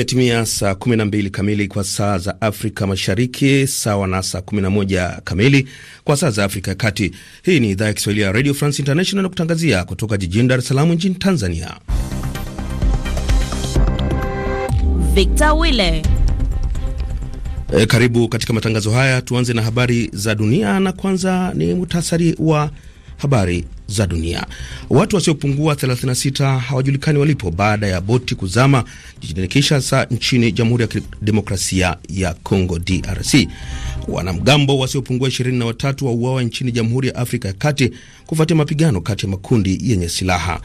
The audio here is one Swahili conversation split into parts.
Imetimia saa 12 kamili kwa saa za Afrika Mashariki, sawa na saa 11 kamili kwa saa za Afrika ya Kati. Hii ni idhaa ya Kiswahili ya Radio France International, na kutangazia kutoka jijini Dar es Salaam nchini Tanzania. Victor Wille. E, karibu katika matangazo haya. Tuanze na habari za dunia, na kwanza ni muhtasari wa habari za dunia. Watu wasiopungua 36 hawajulikani walipo baada ya boti kuzama jijini Kinshasa nchini Jamhuri ya Kidemokrasia ya congo DRC. Wanamgambo wasiopungua 23 wauawa nchini Jamhuri ya Afrika ya Kati kufuatia mapigano kati ya makundi yenye silaha.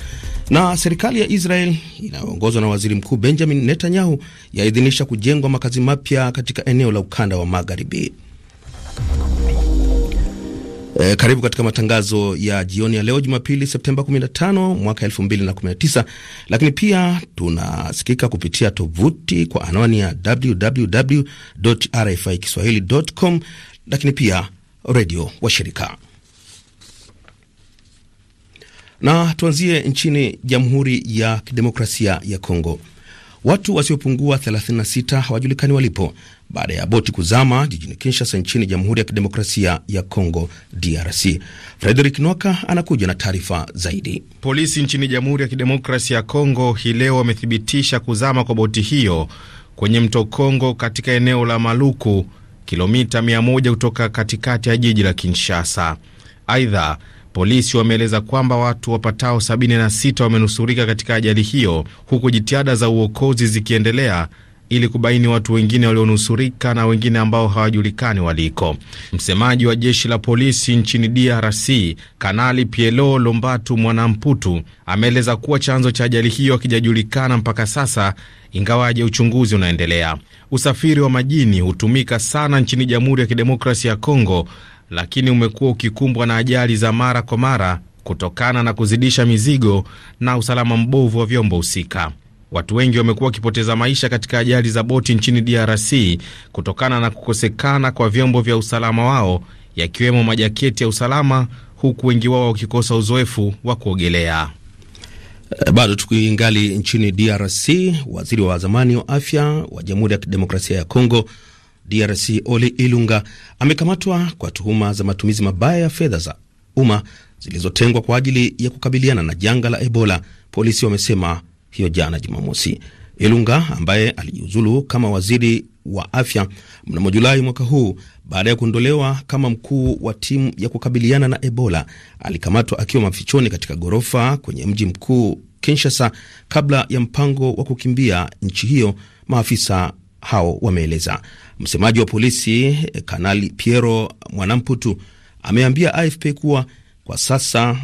Na serikali ya Israel inayoongozwa na Waziri Mkuu Benjamin Netanyahu yaidhinisha kujengwa makazi mapya katika eneo la ukanda wa Magharibi. E, karibu katika matangazo ya jioni ya leo Jumapili Septemba 15 mwaka 2019, lakini pia tunasikika kupitia tovuti kwa anwani ya www.rfi kiswahili.com, lakini pia redio wa shirika na tuanzie nchini Jamhuri ya Kidemokrasia ya Kongo. Watu wasiopungua 36 hawajulikani walipo baada ya boti kuzama jijini Kinshasa nchini Jamhuri ya Kidemokrasia ya Kongo, DRC. Frederick Noka anakuja na taarifa zaidi. Polisi nchini Jamhuri ya Kidemokrasia ya Kongo hii leo wamethibitisha kuzama kwa boti hiyo kwenye mto Congo katika eneo la Maluku, kilomita 100 kutoka katikati ya jiji la Kinshasa. Aidha, polisi wameeleza kwamba watu wapatao 76 wamenusurika katika ajali hiyo, huku jitihada za uokozi zikiendelea ili kubaini watu wengine walionusurika na wengine ambao hawajulikani waliko. Msemaji wa jeshi la polisi nchini DRC Kanali Pielo Lombatu Mwanamputu ameeleza kuwa chanzo cha ajali hiyo hakijajulikana mpaka sasa, ingawaje uchunguzi unaendelea. Usafiri wa majini hutumika sana nchini Jamhuri ya Kidemokrasia ya Kongo, lakini umekuwa ukikumbwa na ajali za mara kwa mara kutokana na kuzidisha mizigo na usalama mbovu wa vyombo husika. Watu wengi wamekuwa wakipoteza maisha katika ajali za boti nchini DRC kutokana na kukosekana kwa vyombo vya usalama wao, yakiwemo majaketi ya usalama, huku wengi wao wakikosa uzoefu wa kuogelea. Eh, bado tukiingali nchini DRC, waziri wa zamani wa afya wa Jamhuri ya Kidemokrasia ya Kongo DRC Oli Ilunga amekamatwa kwa tuhuma za matumizi mabaya ya fedha za umma zilizotengwa kwa ajili ya kukabiliana na janga la Ebola, polisi wamesema hiyo jana Jumamosi. Ilunga ambaye alijiuzulu kama waziri wa afya mnamo Julai mwaka huu baada ya kuondolewa kama mkuu wa timu ya kukabiliana na Ebola alikamatwa akiwa mafichoni katika ghorofa kwenye mji mkuu Kinshasa kabla ya mpango wa kukimbia nchi hiyo, maafisa hao wameeleza. Msemaji wa polisi Kanali Piero Mwanamputu ameambia AFP kuwa kwa sasa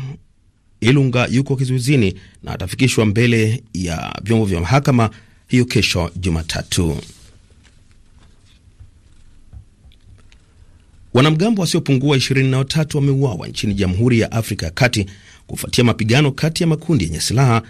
Ilunga yuko kizuizini na atafikishwa mbele ya vyombo vya mahakama hiyo kesho Jumatatu. Wanamgambo wasiopungua 23 wameuawa nchini Jamhuri ya Afrika ya Kati kufuatia mapigano kati ya makundi yenye silaha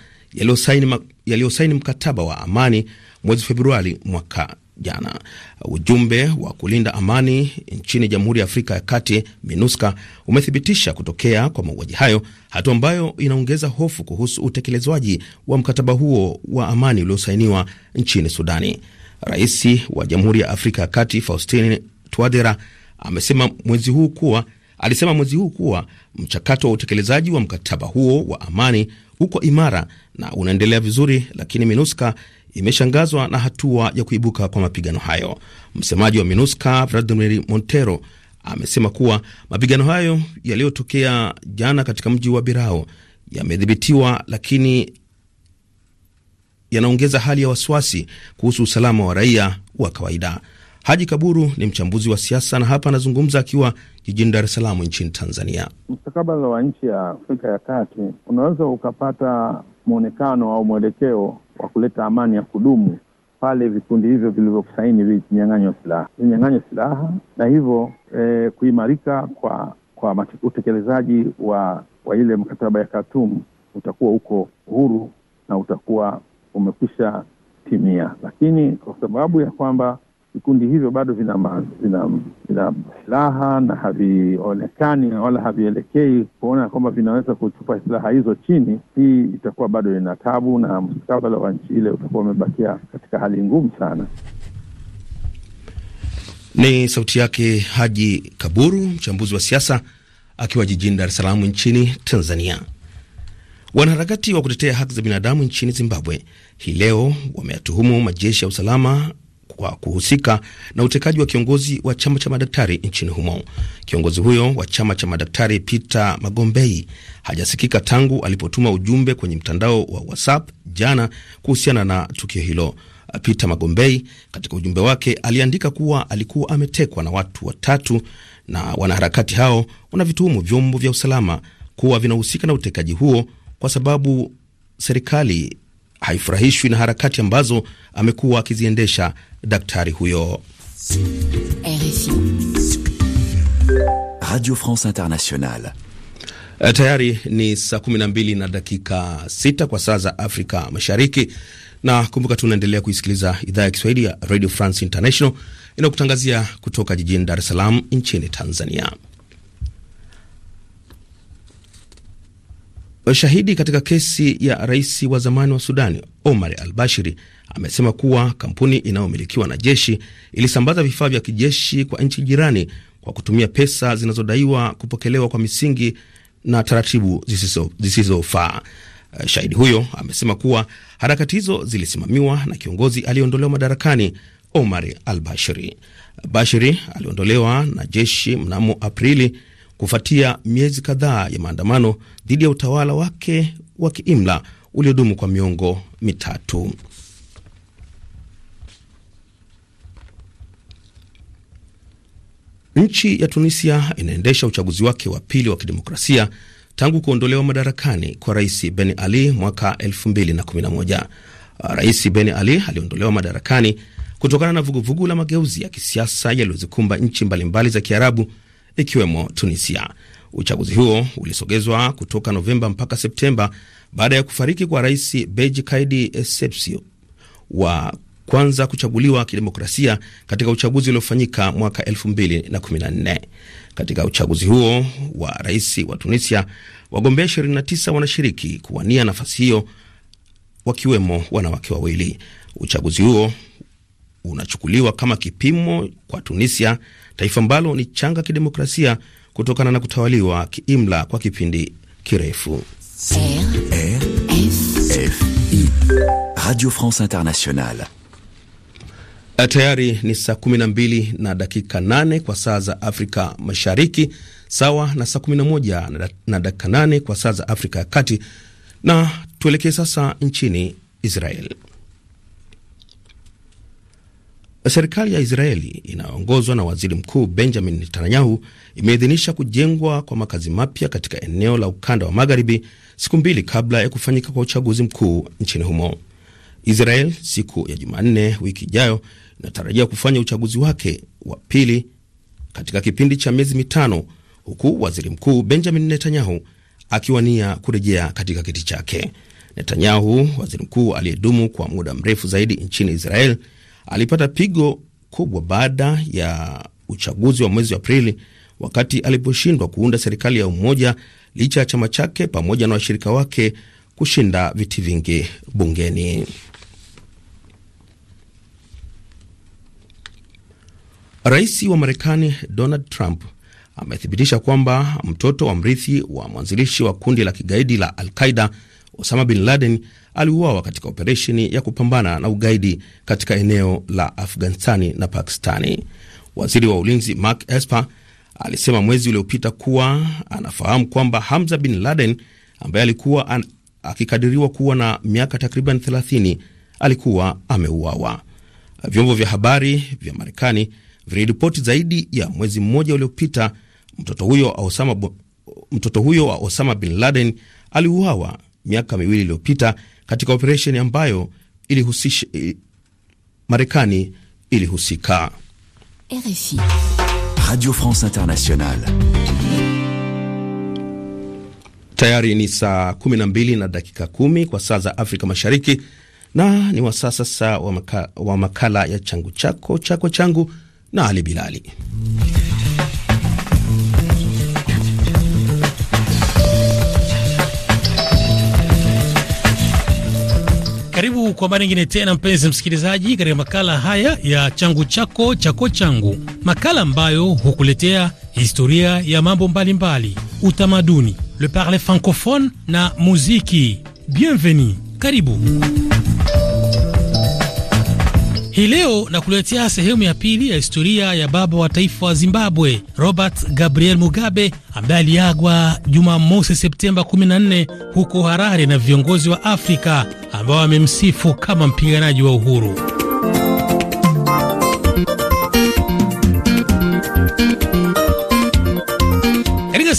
yaliyosaini mkataba wa amani mwezi Februari mwaka jana. Ujumbe wa kulinda amani nchini Jamhuri ya Afrika ya Kati, MINUSCA, umethibitisha kutokea kwa mauaji hayo, hatua ambayo inaongeza hofu kuhusu utekelezwaji wa mkataba huo wa amani uliosainiwa nchini Sudani. Rais wa Jamhuri ya Afrika ya Kati Faustin Twadera amesema mwezi huu kuwa alisema mwezi huu kuwa mchakato wa utekelezaji wa mkataba huo wa amani uko imara na unaendelea vizuri, lakini MINUSCA imeshangazwa na hatua ya kuibuka kwa mapigano hayo. Msemaji wa MINUSCA Vladimir Montero amesema kuwa mapigano hayo yaliyotokea jana katika mji wa Birao yamedhibitiwa, lakini yanaongeza hali ya wasiwasi kuhusu usalama wa raia wa kawaida. Haji Kaburu ni mchambuzi wa siasa na hapa anazungumza akiwa jijini Dar es Salaam nchini Tanzania. mstakabala wa nchi ya Afrika ya Kati unaweza ukapata mwonekano au mwelekeo wa kuleta amani ya kudumu pale vikundi hivyo vilivyokusaini vinyang'anywa silaha vinyang'anywa silaha na hivyo e, kuimarika kwa kwa utekelezaji wa wa ile mkataba ya Khartoum utakuwa uko huru na utakuwa umekwisha timia, lakini kwa sababu ya kwamba vikundi hivyo bado vina vina silaha na havionekani wala havielekei kuona kwamba vinaweza kuchupa silaha hizo chini. Hii itakuwa bado ina tabu na mustakabala wa nchi ile utakuwa umebakia katika hali ngumu sana. Ni sauti yake Haji Kaburu, mchambuzi wa siasa akiwa jijini Dar es Salaam nchini Tanzania. Wanaharakati wa kutetea haki za binadamu nchini Zimbabwe hii leo wameatuhumu majeshi ya usalama kwa kuhusika na utekaji wa kiongozi wa chama cha madaktari nchini humo. Kiongozi huyo wa chama cha madaktari Peter Magombei hajasikika tangu alipotuma ujumbe kwenye mtandao wa WhatsApp jana kuhusiana na tukio hilo. Peter Magombei katika ujumbe wake aliandika kuwa alikuwa ametekwa na watu watatu na wanaharakati hao wanavituhumu vyombo vya usalama kuwa vinahusika na utekaji huo kwa sababu serikali haifurahishwi na harakati ambazo amekuwa akiziendesha daktari huyo. Radio France Internationale. Eh, tayari ni saa 12 na dakika sita kwa saa za Afrika Mashariki, na kumbuka tunaendelea kuisikiliza idhaa ya Kiswahili ya Radio France International inayokutangazia kutoka jijini Dar es Salaam nchini Tanzania. Shahidi katika kesi ya rais wa zamani wa Sudani Omar al Bashiri amesema kuwa kampuni inayomilikiwa na jeshi ilisambaza vifaa vya kijeshi kwa nchi jirani kwa kutumia pesa zinazodaiwa kupokelewa kwa misingi na taratibu zisizofaa. Eh, shahidi huyo amesema kuwa harakati hizo zilisimamiwa na kiongozi aliyeondolewa madarakani Omar al-Bashiri. Bashiri aliondolewa na jeshi mnamo Aprili kufuatia miezi kadhaa ya maandamano dhidi ya utawala wake wa kiimla uliodumu kwa miongo mitatu. Nchi ya Tunisia inaendesha uchaguzi wake wa pili wa kidemokrasia tangu kuondolewa madarakani kwa Rais Ben Ali mwaka 2011. Rais Ben Ali aliondolewa madarakani kutokana na vuguvugu vugu la mageuzi ya kisiasa yaliyozikumba nchi mbalimbali za Kiarabu ikiwemo Tunisia. Uchaguzi huo ulisogezwa kutoka Novemba mpaka Septemba baada ya kufariki kwa Rais Beji Kaidi Essebsi wa kwanza kuchaguliwa kidemokrasia katika uchaguzi uliofanyika mwaka 2014. Katika uchaguzi huo wa rais wa Tunisia, wagombea 29 wanashiriki kuwania nafasi hiyo, wakiwemo wanawake wawili. Uchaguzi huo unachukuliwa kama kipimo kwa Tunisia, taifa ambalo ni changa kidemokrasia kutokana na kutawaliwa kiimla kwa kipindi kirefu. Radio France Internationale. Eh, tayari ni saa 12 na dakika 8 kwa saa za Afrika Mashariki, sawa na saa 11 na dakika 8 kwa saa za Afrika ya Kati. Na tuelekee sasa nchini Israel. Serikali ya Israeli inayoongozwa na waziri mkuu Benjamin Netanyahu imeidhinisha kujengwa kwa makazi mapya katika eneo la ukanda wa magharibi siku mbili kabla ya kufanyika kwa uchaguzi mkuu nchini humo. Israel siku ya Jumanne wiki ijayo inatarajia kufanya uchaguzi wake wa pili katika kipindi cha miezi mitano, huku waziri mkuu Benjamin Netanyahu akiwania kurejea katika kiti chake. Netanyahu, waziri mkuu aliyedumu kwa muda mrefu zaidi nchini Israel, alipata pigo kubwa baada ya uchaguzi wa mwezi Aprili wakati aliposhindwa kuunda serikali ya umoja licha ya chama chake pamoja na washirika wake kushinda viti vingi bungeni. Rais wa Marekani Donald Trump amethibitisha kwamba mtoto wa mrithi wa mwanzilishi wa kundi la kigaidi la Al-Qaida Osama bin Laden aliuawa katika operesheni ya kupambana na ugaidi katika eneo la Afghanistani na Pakistani. Waziri wa ulinzi Mark Esper alisema mwezi uliopita kuwa anafahamu kwamba Hamza bin Laden ambaye alikuwa an, akikadiriwa kuwa na miaka takriban 30 alikuwa ameuawa. Vyombo vya habari vya Marekani viliripoti zaidi ya mwezi mmoja uliopita mtoto huyo Osama, mtoto huyo wa Osama bin Laden aliuawa miaka miwili iliyopita katika operesheni ambayo ilihusisha Marekani ilihusika. RFI, Radio France Internationale. Tayari ni saa 12 na dakika 10 kwa saa za Afrika Mashariki, na ni wasaa sasa wa makala ya changu chako chako changu na Ali Bilali. Karibu kwa mara nyingine tena, mpenzi msikilizaji, katika makala haya ya changu chako chako changu, makala ambayo hukuletea historia ya mambo mbalimbali, utamaduni, le parle francophone na muziki. Bienvenue, karibu. Hii leo nakuletea sehemu ya pili ya historia ya baba wa taifa wa Zimbabwe Robert Gabriel Mugabe ambaye aliagwa Jumamosi Septemba 14 huko Harare na viongozi wa Afrika ambao wamemsifu kama mpiganaji wa uhuru.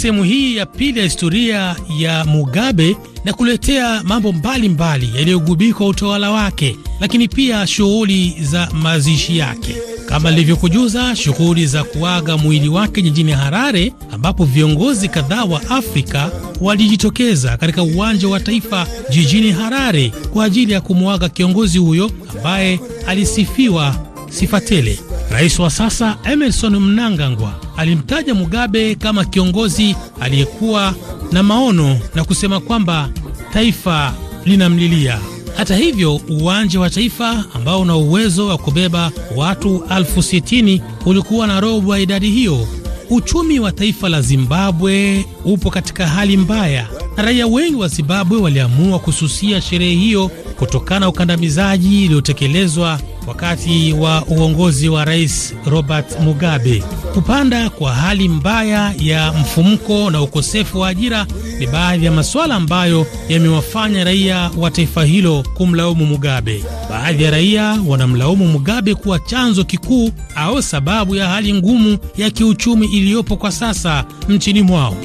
sehemu hii ya pili ya historia ya Mugabe na kuletea mambo mbalimbali yaliyogubikwa utawala wake, lakini pia shughuli za mazishi yake. Kama nilivyokujuza, shughuli za kuaga mwili wake jijini Harare, ambapo viongozi kadhaa wa Afrika walijitokeza katika uwanja wa taifa jijini Harare kwa ajili ya kumwaga kiongozi huyo ambaye alisifiwa sifa tele. Rais wa sasa Emerson Mnangagwa alimtaja Mugabe kama kiongozi aliyekuwa na maono na kusema kwamba taifa linamlilia. Hata hivyo, uwanja wa taifa ambao una uwezo wa kubeba watu elfu sitini ulikuwa na robo ya idadi hiyo. Uchumi wa taifa la Zimbabwe upo katika hali mbaya, na raia wengi wa Zimbabwe waliamua kususia sherehe hiyo kutokana na ukandamizaji uliotekelezwa wakati wa uongozi wa Rais Robert Mugabe. Kupanda kwa hali mbaya ya mfumuko na ukosefu wa ajira ni baadhi ya masuala ambayo yamewafanya raia wa taifa hilo kumlaumu Mugabe. Baadhi ya raia wanamlaumu Mugabe kuwa chanzo kikuu au sababu ya hali ngumu ya kiuchumi iliyopo kwa sasa nchini mwao.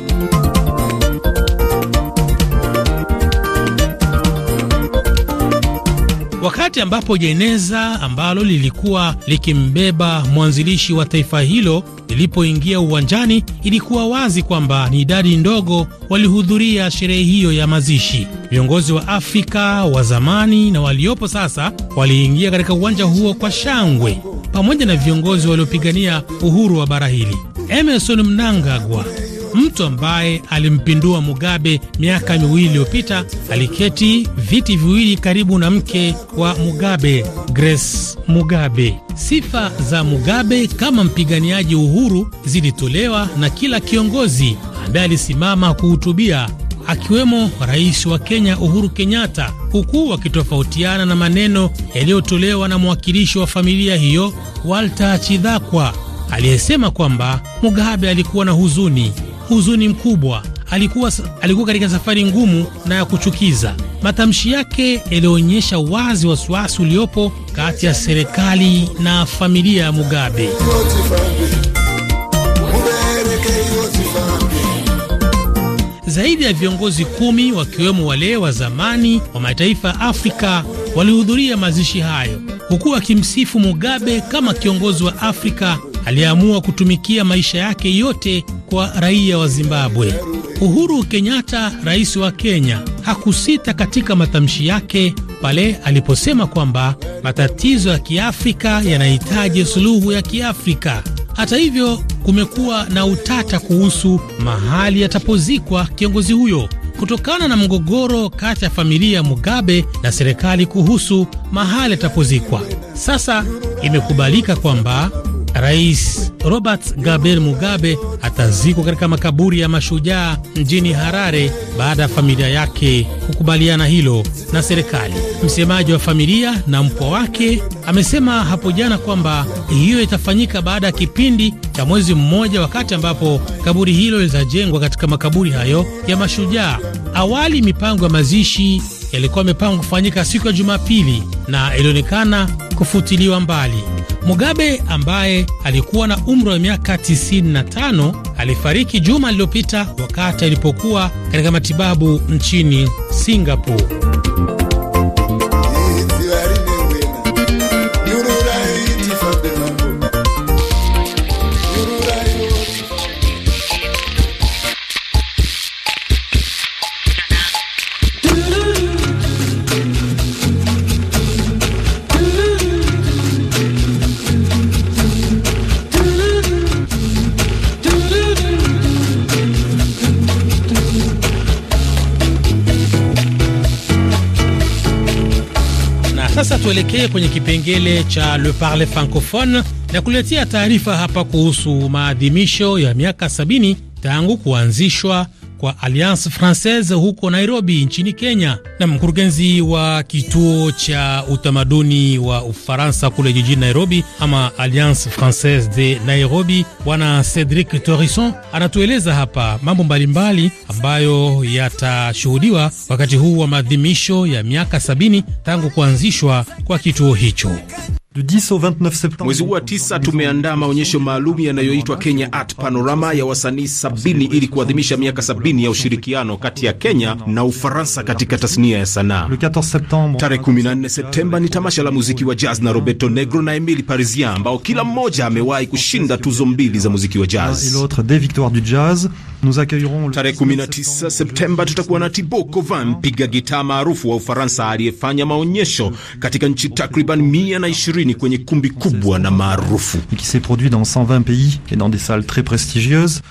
wakati ambapo jeneza ambalo lilikuwa likimbeba mwanzilishi wa taifa hilo lilipoingia uwanjani, ilikuwa wazi kwamba ni idadi ndogo walihudhuria sherehe hiyo ya mazishi. Viongozi wa Afrika wa zamani na waliopo sasa waliingia katika uwanja huo kwa shangwe, pamoja na viongozi waliopigania uhuru wa bara hili. Emerson Mnangagwa Mtu ambaye alimpindua Mugabe miaka miwili iliyopita aliketi viti viwili karibu na mke wa Mugabe, Grace Mugabe. Sifa za Mugabe kama mpiganiaji uhuru zilitolewa na kila kiongozi ambaye alisimama kuhutubia akiwemo rais wa Kenya Uhuru Kenyatta, huku wakitofautiana na maneno yaliyotolewa na mwakilishi wa familia hiyo Walter Chidhakwa aliyesema kwamba Mugabe alikuwa na huzuni huzuni mkubwa. Alikuwa, alikuwa katika safari ngumu na ya kuchukiza. Matamshi yake yalionyesha wazi wasiwasi uliopo kati ya serikali na familia ya Mugabe. Zaidi ya viongozi kumi wakiwemo wale wa zamani wa mataifa ya Afrika walihudhuria mazishi hayo, huku akimsifu Mugabe kama kiongozi wa Afrika aliyeamua kutumikia maisha yake yote kwa raia wa Zimbabwe. Uhuru Kenyatta, rais wa Kenya, hakusita katika matamshi yake pale aliposema kwamba matatizo ya Kiafrika yanahitaji suluhu ya Kiafrika. Hata hivyo, kumekuwa na utata kuhusu mahali atapozikwa kiongozi huyo kutokana na mgogoro kati ya familia ya Mugabe na serikali kuhusu mahali atapozikwa. Sasa imekubalika kwamba rais Robert Gabriel Mugabe atazikwa katika makaburi ya mashujaa mjini Harare baada ya familia yake kukubaliana hilo na serikali. Msemaji wa familia na mpwa wake amesema hapo jana kwamba hiyo itafanyika baada ya kipindi cha mwezi mmoja, wakati ambapo kaburi hilo litajengwa katika makaburi hayo ya mashujaa. Awali mipango ya mazishi yalikuwa yamepangwa kufanyika siku ya Jumapili na ilionekana kufutiliwa mbali. Mugabe ambaye alikuwa na umri wa miaka 95 alifariki juma lililopita wakati alipokuwa katika matibabu nchini Singapore. tuelekee kwenye kipengele cha Le Parle Francophone na kuletea taarifa hapa kuhusu maadhimisho ya miaka sabini tangu kuanzishwa kwa Alliance Francaise huko Nairobi nchini Kenya. Na mkurugenzi wa kituo cha utamaduni wa Ufaransa kule jijini Nairobi ama Alliance Francaise de Nairobi, Bwana Cedric Torisson anatueleza hapa mambo mbalimbali ambayo yatashuhudiwa wakati huu wa maadhimisho ya miaka sabini tangu kuanzishwa kwa kituo hicho. Mwezi huu wa tisa tumeandaa maonyesho maalum yanayoitwa Kenya Art Panorama ya wasanii sabini ili kuadhimisha miaka sabini ya ushirikiano kati ya Kenya na Ufaransa katika tasnia ya sanaa. Tarehe 14 Septemba ni tamasha la muziki wa jazz na Roberto Negro na Emili Parisien ambao kila mmoja amewahi kushinda tuzo mbili za muziki wa ah, jazz. Tarehe 19 Septemba tutakuwa na Tibo Kova, mpiga gitaa maarufu wa Ufaransa aliyefanya maonyesho katika nchi takriban kwenye kumbi kubwa na maarufu qui s'est produit dans 120 pays et dans des salles très prestigieuses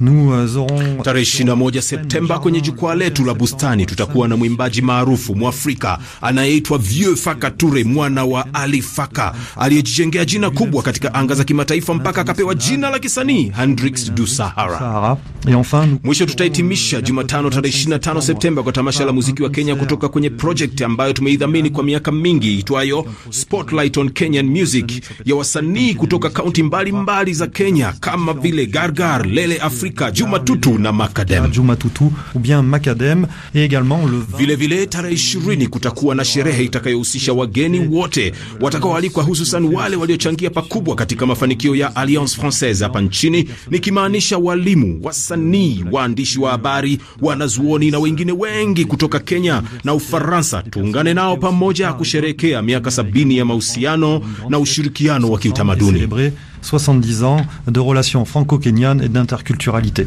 Euh, tarehe 21 Septemba kwenye jukwaa letu la Bustani tutakuwa na mwimbaji maarufu Mwafrika anayeitwa Vieux Faka Ture, mwana wa Ali Faka aliyejijengea jina kubwa katika anga za kimataifa mpaka akapewa jina la kisanii Hendrix du Sahara. Mwisho tutahitimisha Jumatano tarehe 25 Septemba kwa tamasha la muziki wa Kenya kutoka kwenye project ambayo tumeidhamini kwa miaka mingi itwayo Spotlight on Kenyan Music ya wasanii kutoka kaunti mbalimbali za Kenya kama vile Gargar, Lele Afrika Afrika Juma Tutu na Makadem. Juma Tutu ou bien Makadem et également le vile vile, tarehe 20 kutakuwa na sherehe itakayohusisha wageni wote watakaoalikwa, hususan wale waliochangia pakubwa katika mafanikio ya Alliance Francaise hapa nchini, nikimaanisha walimu, wasanii, waandishi wa habari, wanazuoni na wengine wengi kutoka Kenya na Ufaransa. Tuungane nao pamoja kusherehekea miaka sabini ya mahusiano na ushirikiano wa kiutamaduni. 70 ans de relations franco-kenyanes et d'interculturalité.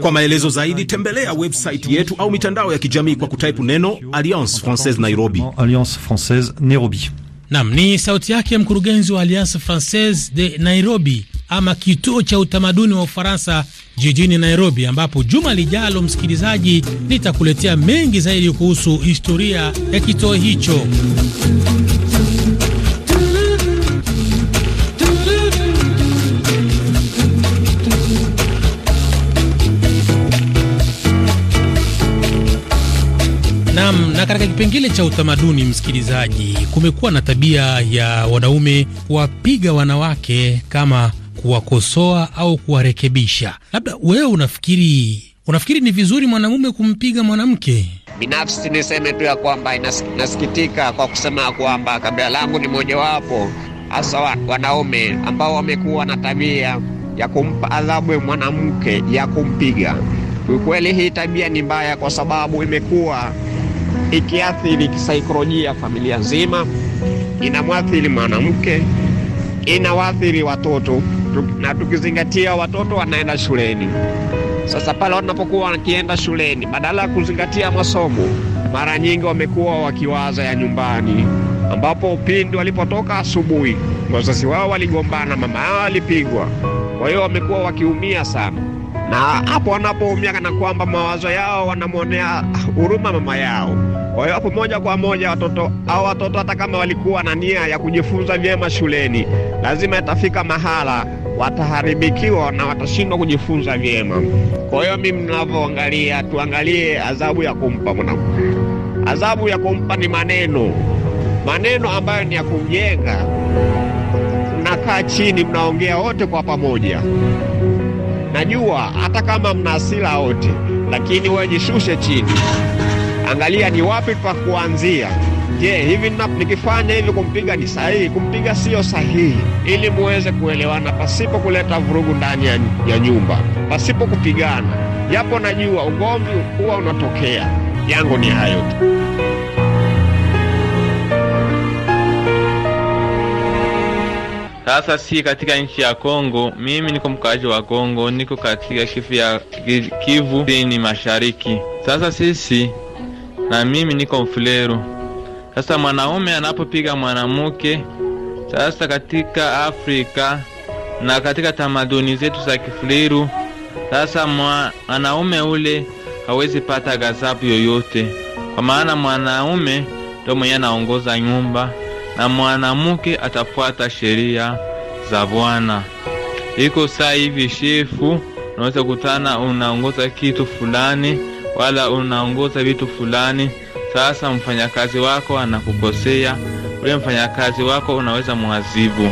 Kwa maelezo zaidi tembelea website yetu au mitandao ya kijamii kwa kutaipu neno Alliance Francaise Nairobi. Alliance Francaise Nairobi. Naam, ni sauti yake mkurugenzi wa Alliance Francaise de Nairobi ama kituo cha utamaduni wa Ufaransa jijini Nairobi, ambapo juma lijalo, msikilizaji, nitakuletea mengi zaidi kuhusu historia ya kituo hicho. Na katika kipengele cha utamaduni, msikilizaji, kumekuwa na tabia ya wanaume kuwapiga wanawake kama kuwakosoa au kuwarekebisha. Labda wewe unafikiri unafikiri ni vizuri mwanaume kumpiga mwanamke? Binafsi niseme tu ya kwamba inasikitika kwa kusema kwamba kabila langu ni mojawapo hasa wanaume ambao wamekuwa na tabia ya kumpa adhabu mwanamke ya kumpiga. Ukweli hii tabia ni mbaya, kwa sababu imekuwa ikiathiri kisaikolojia familia nzima, inamwathiri mwanamke, inawaathiri watoto, na tukizingatia watoto wanaenda shuleni. Sasa pale wanapokuwa wakienda shuleni, badala ya kuzingatia masomo, mara nyingi wamekuwa wakiwaza ya nyumbani, ambapo pindi walipotoka asubuhi wazazi wao waligombana, mama yao alipigwa, kwa hiyo wamekuwa wakiumia sana na hapo wanapoumia kana kwamba mawazo yao wanamwonea huruma mama yao. Kwa hiyo hapo moja kwa moja watoto au watoto hata kama walikuwa na nia ya kujifunza vyema shuleni, lazima itafika mahala wataharibikiwa na watashindwa kujifunza vyema. Kwa hiyo mimi, mnavoangalia tuangalie adhabu ya kumpa mwanangu. Adhabu ya kumpa ni maneno, maneno ambayo ni ya kumjenga. Mnakaa chini, mnaongea wote kwa pamoja. Najua hata kama mna hasira wote, lakini wejishushe chini angalia ni wapi pa kuanzia. Je, hivi nikifanya hivi kumpiga ni sahihi? Kumpiga siyo sahihi, ili muweze kuelewana pasipo kuleta vurugu ndani ya nyumba, pasipo kupigana. Japo najua ugomvi huwa unatokea. Yangu ni hayo tu. Sasa si katika nchi ya Kongo, mimi niko mkaaji wa Kongo, niko katika Kivu ya Kivu ni mashariki. Sasa sisi na mimi niko mfuleru. Sasa mwanaume anapopiga mwanamke, sasa katika Afrika na katika tamaduni zetu za Kifuleru, sasa mwanaume ule hawezi pata gazabu yoyote, kwa maana mwanaume ndio mwenye anaongoza nyumba na mwanamke atafuata sheria za Bwana. Iko saa hivi shefu, unaweza kutana unaongoza kitu fulani wala unaongoza vitu fulani. Sasa mfanyakazi wako anakukosea, ule mfanyakazi wako unaweza mwazibu.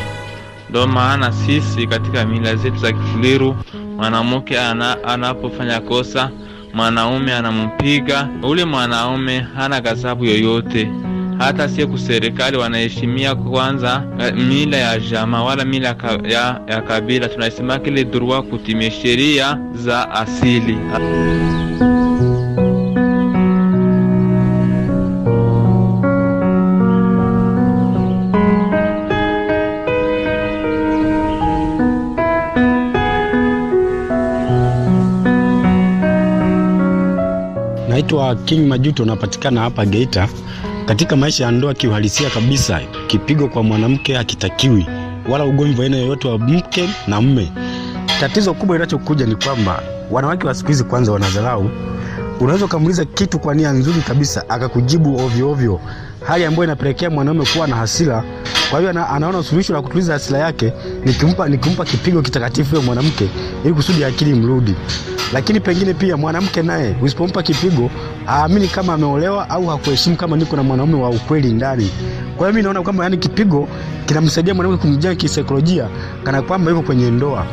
Ndo maana sisi katika mila zetu za Kifuliru, mwanamke ana, anapofanya kosa mwanaume anampiga ule mwanaume, hana ghadhabu yoyote. Hata siku serikali wanaheshimia kwanza eh, mila ya jama wala mila ya, ya kabila. Tunasema kile durua kutimia sheria za asili. Naitwa King Majuto, unapatikana hapa Geita. Katika maisha ya ndoa, kiuhalisia kabisa, kipigo kwa mwanamke hakitakiwi, wala ugomvi aina yoyote wa mke na mme. Tatizo kubwa linachokuja ni kwamba wanawake wa siku hizi kwanza wanadharau. Unaweza ukamuuliza kitu kwa nia nzuri kabisa, akakujibu ovyo ovyo hali ambayo inapelekea mwanaume kuwa na hasira. Kwa hiyo anaona suluhisho la kutuliza hasira yake nikimpa, nikimpa kipigo kitakatifu yule mwanamke ili kusudi akili mrudi. Lakini pengine pia mwanamke naye usipompa kipigo aamini kama ameolewa au hakuheshimu kama niko na mwanaume wa ukweli ndani. Kwa hiyo mimi naona kwamba yani kipigo kinamsaidia mwanamke kumjenga kisaikolojia kana kwamba yuko kwenye ndoa.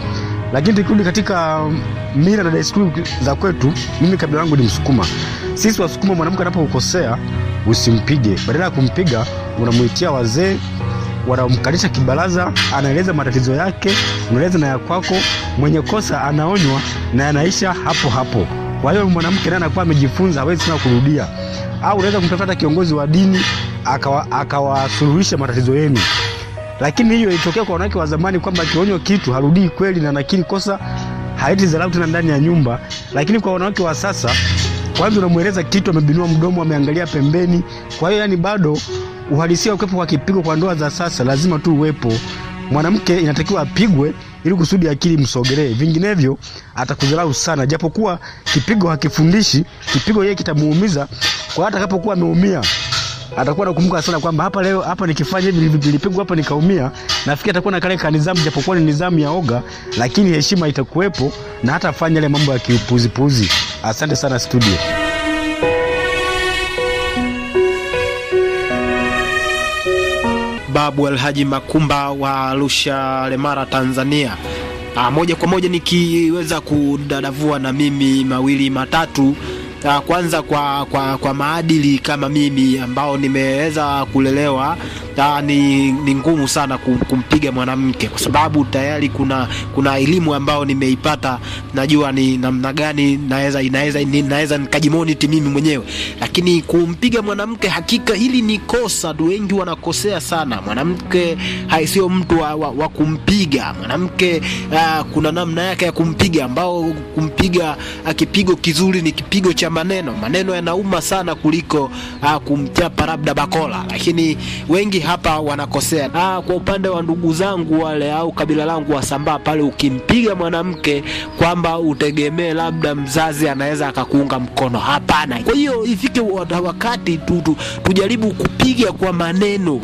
Lakini tukirudi katika um, mila na desturi za kwetu, mimi kabila langu ni Msukuma. Sisi Wasukuma, mwanamke anapokukosea usimpige, badala ya kumpiga unamuitia wazee, wanamkalisha kibaraza, anaeleza matatizo yake, unaeleza na ya kwako. Mwenye kosa anaonywa na anaisha hapo hapo. Kwa hiyo mwanamke naye anakuwa amejifunza, hawezi tena kurudia. Au unaweza kumtafuta kiongozi wa dini akawasuluhisha akawa matatizo yenu. Lakini hiyo ilitokea kwa wanawake wa zamani kwamba akionywa kitu harudii kweli, na nakili kosa haliti tena ndani ya nyumba. Lakini kwa wanawake wa sasa kwanza unamweleza kitu, amebinua mdomo, ameangalia pembeni. Kwa hiyo yani bado uhalisia ukepo kwa kipigo kwa ndoa za sasa lazima tu uwepo. Mwanamke inatakiwa apigwe ili kusudi akili msogelee, vinginevyo atakudharau sana. Japokuwa kipigo hakifundishi, kipigo yeye kitamuumiza, kwa hata atakapokuwa ameumia atakuwa nakumbuka sana kwamba hapa leo hapa nikifanya hivi nilipigwa hapa nikaumia. Nafikiri atakuwa na kale kanizamu, japokuwa ni nizamu ya oga, lakini heshima itakuwepo na hata fanya yale mambo ya kiupuzipuzi. Asante sana studio. Babu Alhaji Makumba wa Arusha, Lemara, Tanzania. Aa, ah, moja kwa moja nikiweza kudadavua na mimi mawili matatu. Aa, ah, kwanza kwa, kwa, kwa maadili kama mimi ambao nimeweza kulelewa na, ni, ni ngumu sana kumpiga mwanamke kwa sababu tayari kuna kuna elimu ambayo nimeipata, najua ni namna gani naweza inaweza naweza nikajimoniti mimi mwenyewe, lakini kumpiga mwanamke, hakika hili ni kosa. Watu wengi wanakosea sana. Mwanamke haisiyo mtu wa, wa, wa kumpiga mwanamke. Uh, kuna namna yake ya kumpiga ambao kumpiga uh, kipigo kizuri ni kipigo cha maneno. Maneno yanauma sana kuliko uh, kumchapa labda bakola, lakini wengi hapa wanakosea. Ah, kwa upande wa ndugu zangu wale au kabila langu Wasambaa pale, ukimpiga mwanamke kwamba utegemee labda mzazi anaweza akakuunga mkono, hapana. Kwa hiyo ifike wakati tu, tu, tujaribu kupiga kwa maneno.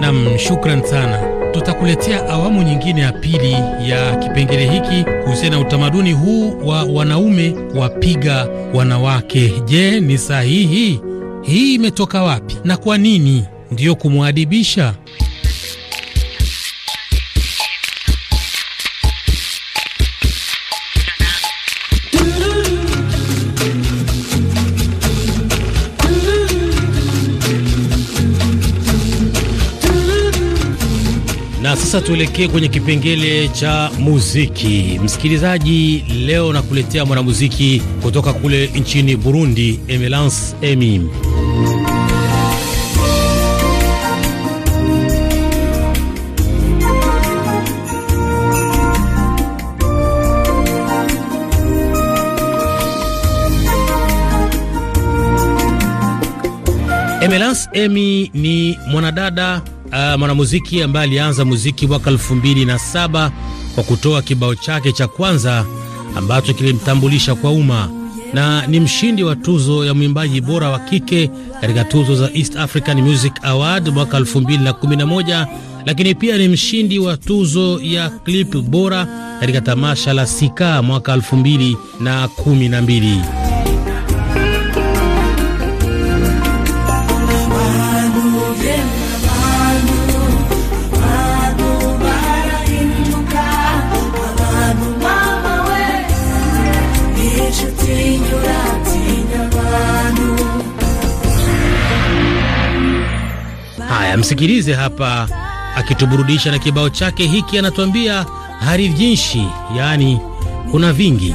Nam, shukran sana tutakuletea awamu nyingine ya pili ya kipengele hiki kuhusiana na utamaduni huu wa wanaume wapiga wanawake. Je, ni sahihi? hii imetoka wapi na kwa nini? Ndiyo kumwadibisha sasa tuelekee kwenye kipengele cha muziki. Msikilizaji, leo nakuletea mwanamuziki kutoka kule nchini Burundi, Emelance Emi. Emelance Emi ni mwanadada uh, mwanamuziki ambaye alianza muziki mwaka saba kwa kutoa kibao chake cha kwanza ambacho kilimtambulisha kwa umma na ni mshindi wa tuzo ya mwimbaji bora wa kike katika tuzo za East African Music Award mwaka 2011, lakini pia ni mshindi wa tuzo ya clip bora katika tamasha la Sika mwaka 2012. Haya, msikilize hapa akituburudisha na kibao chake hiki, anatuambia hari jinshi, yaani kuna vingi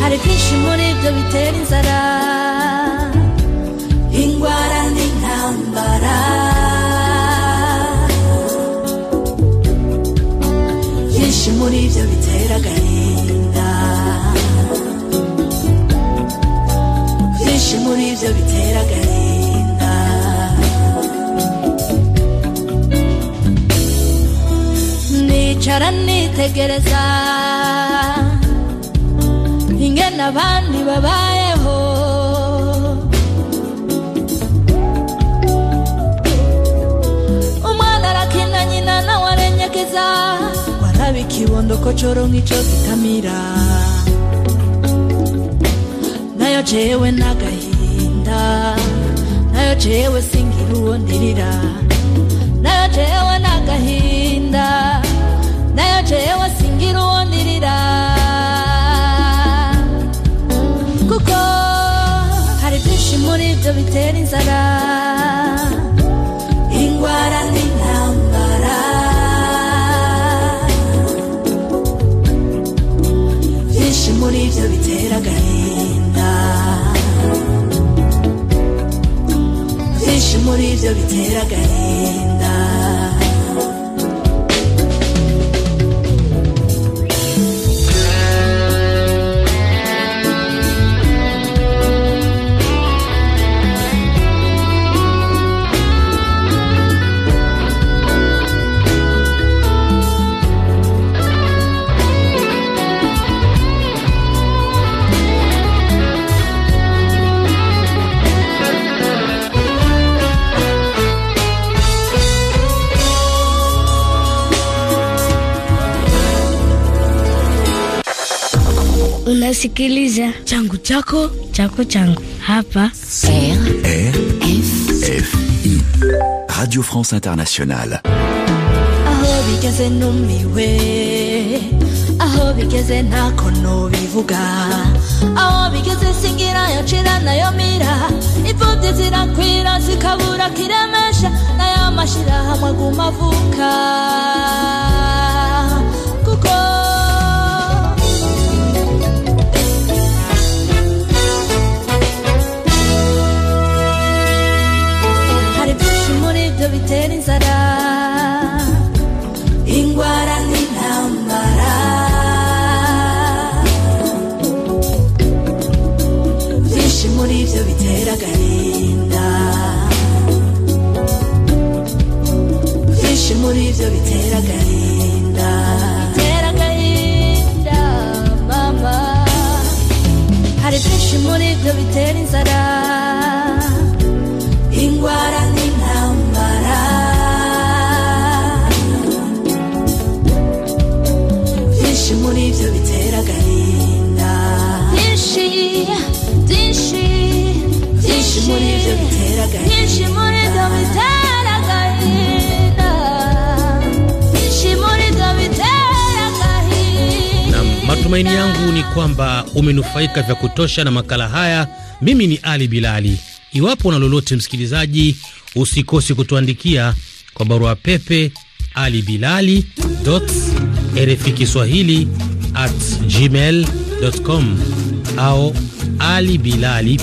hari muri bitera inzara muri byo bitera agahinda byinshi muri byo bitera agahinda nicara nitegereza ingena abandi babayeho umwana arakina nyina nawe arenyegeza tabi kibondo kochoro nk'icyo gitamira nayo jewe n'agahinda nayo jewe singira uwo nayo jewe n'agahinda nayo jewe singira uwo kuko hari byinshi muri ibyo bitera inzara ingwara muri byo bitera agahinda byinshi muri byo bitera agahinda Unasikiliza changu chako chako changu hapa RFI Radio France Internationale. aho bigeze numiwe aho bigeze ntako nubivuga aho bigeze singira yacira nayo mira imfubyi zirakwira zikabura kiremesha nayo mashirahamwe agumavuka nabyo bitera inzara indwara n'intambara byinshi muri ibyo bitera agahinda byinshi muri ibyo bitera agahinda bitera agahinda mama hari byinshi muri ibyo bitera inzara indwara muri bitera muri bitera muri bitera muri bitera na matumaini yangu ni kwamba umenufaika vya kutosha na makala haya. Mimi ni Ali Bilali. Iwapo na lolote, msikilizaji, usikosi kutuandikia kwa barua pepe ali bilali rfi kiswahili at gmail.com au Ali Kiswahili.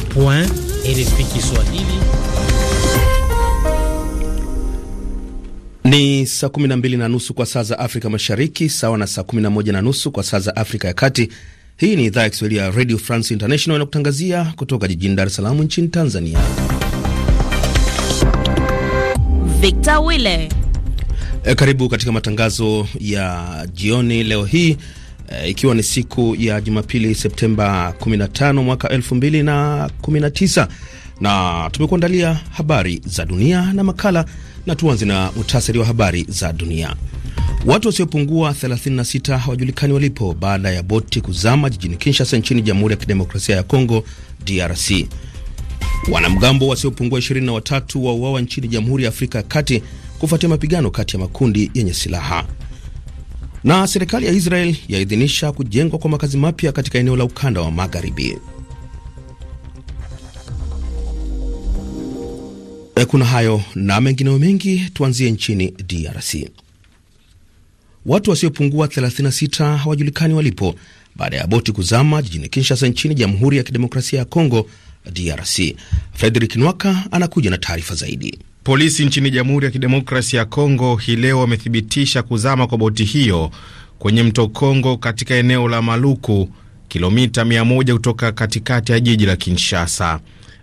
Ni saa 12 na nusu kwa saa za Afrika Mashariki, sawa na saa 11 na nusu kwa saa za Afrika ya Kati. Hii ni idhaa ya Kiswahili ya Radio France International inakutangazia kutoka jijini Dar es Salaam nchini Tanzania. Victor Wille. e, karibu katika matangazo ya jioni leo hii Eh, ikiwa ni siku ya Jumapili Septemba 15 mwaka 2019 na tumekuandalia habari za dunia na makala, na tuanze na muhtasari wa habari za dunia. Watu wasiopungua 36 hawajulikani walipo baada ya boti kuzama jijini Kinshasa nchini Jamhuri ya Kidemokrasia ya Kongo, DRC. Wanamgambo wasiopungua 23 wauawa nchini Jamhuri ya Afrika ya Kati kufuatia mapigano kati ya makundi yenye silaha. Na serikali ya Israel yaidhinisha kujengwa kwa makazi mapya katika eneo la ukanda wa magharibi. Eh, kuna hayo na mengineo mengi. Tuanzie nchini DRC. Watu wasiopungua 36 hawajulikani walipo baada ya boti kuzama jijini Kinshasa nchini Jamhuri ya Kidemokrasia ya Kongo, DRC. Frederick Nwaka anakuja na taarifa zaidi. Polisi nchini Jamhuri ya Kidemokrasia ya Kongo hii leo wamethibitisha kuzama kwa boti hiyo kwenye mto Kongo katika eneo la Maluku, kilomita 100 kutoka katikati ya jiji la Kinshasa.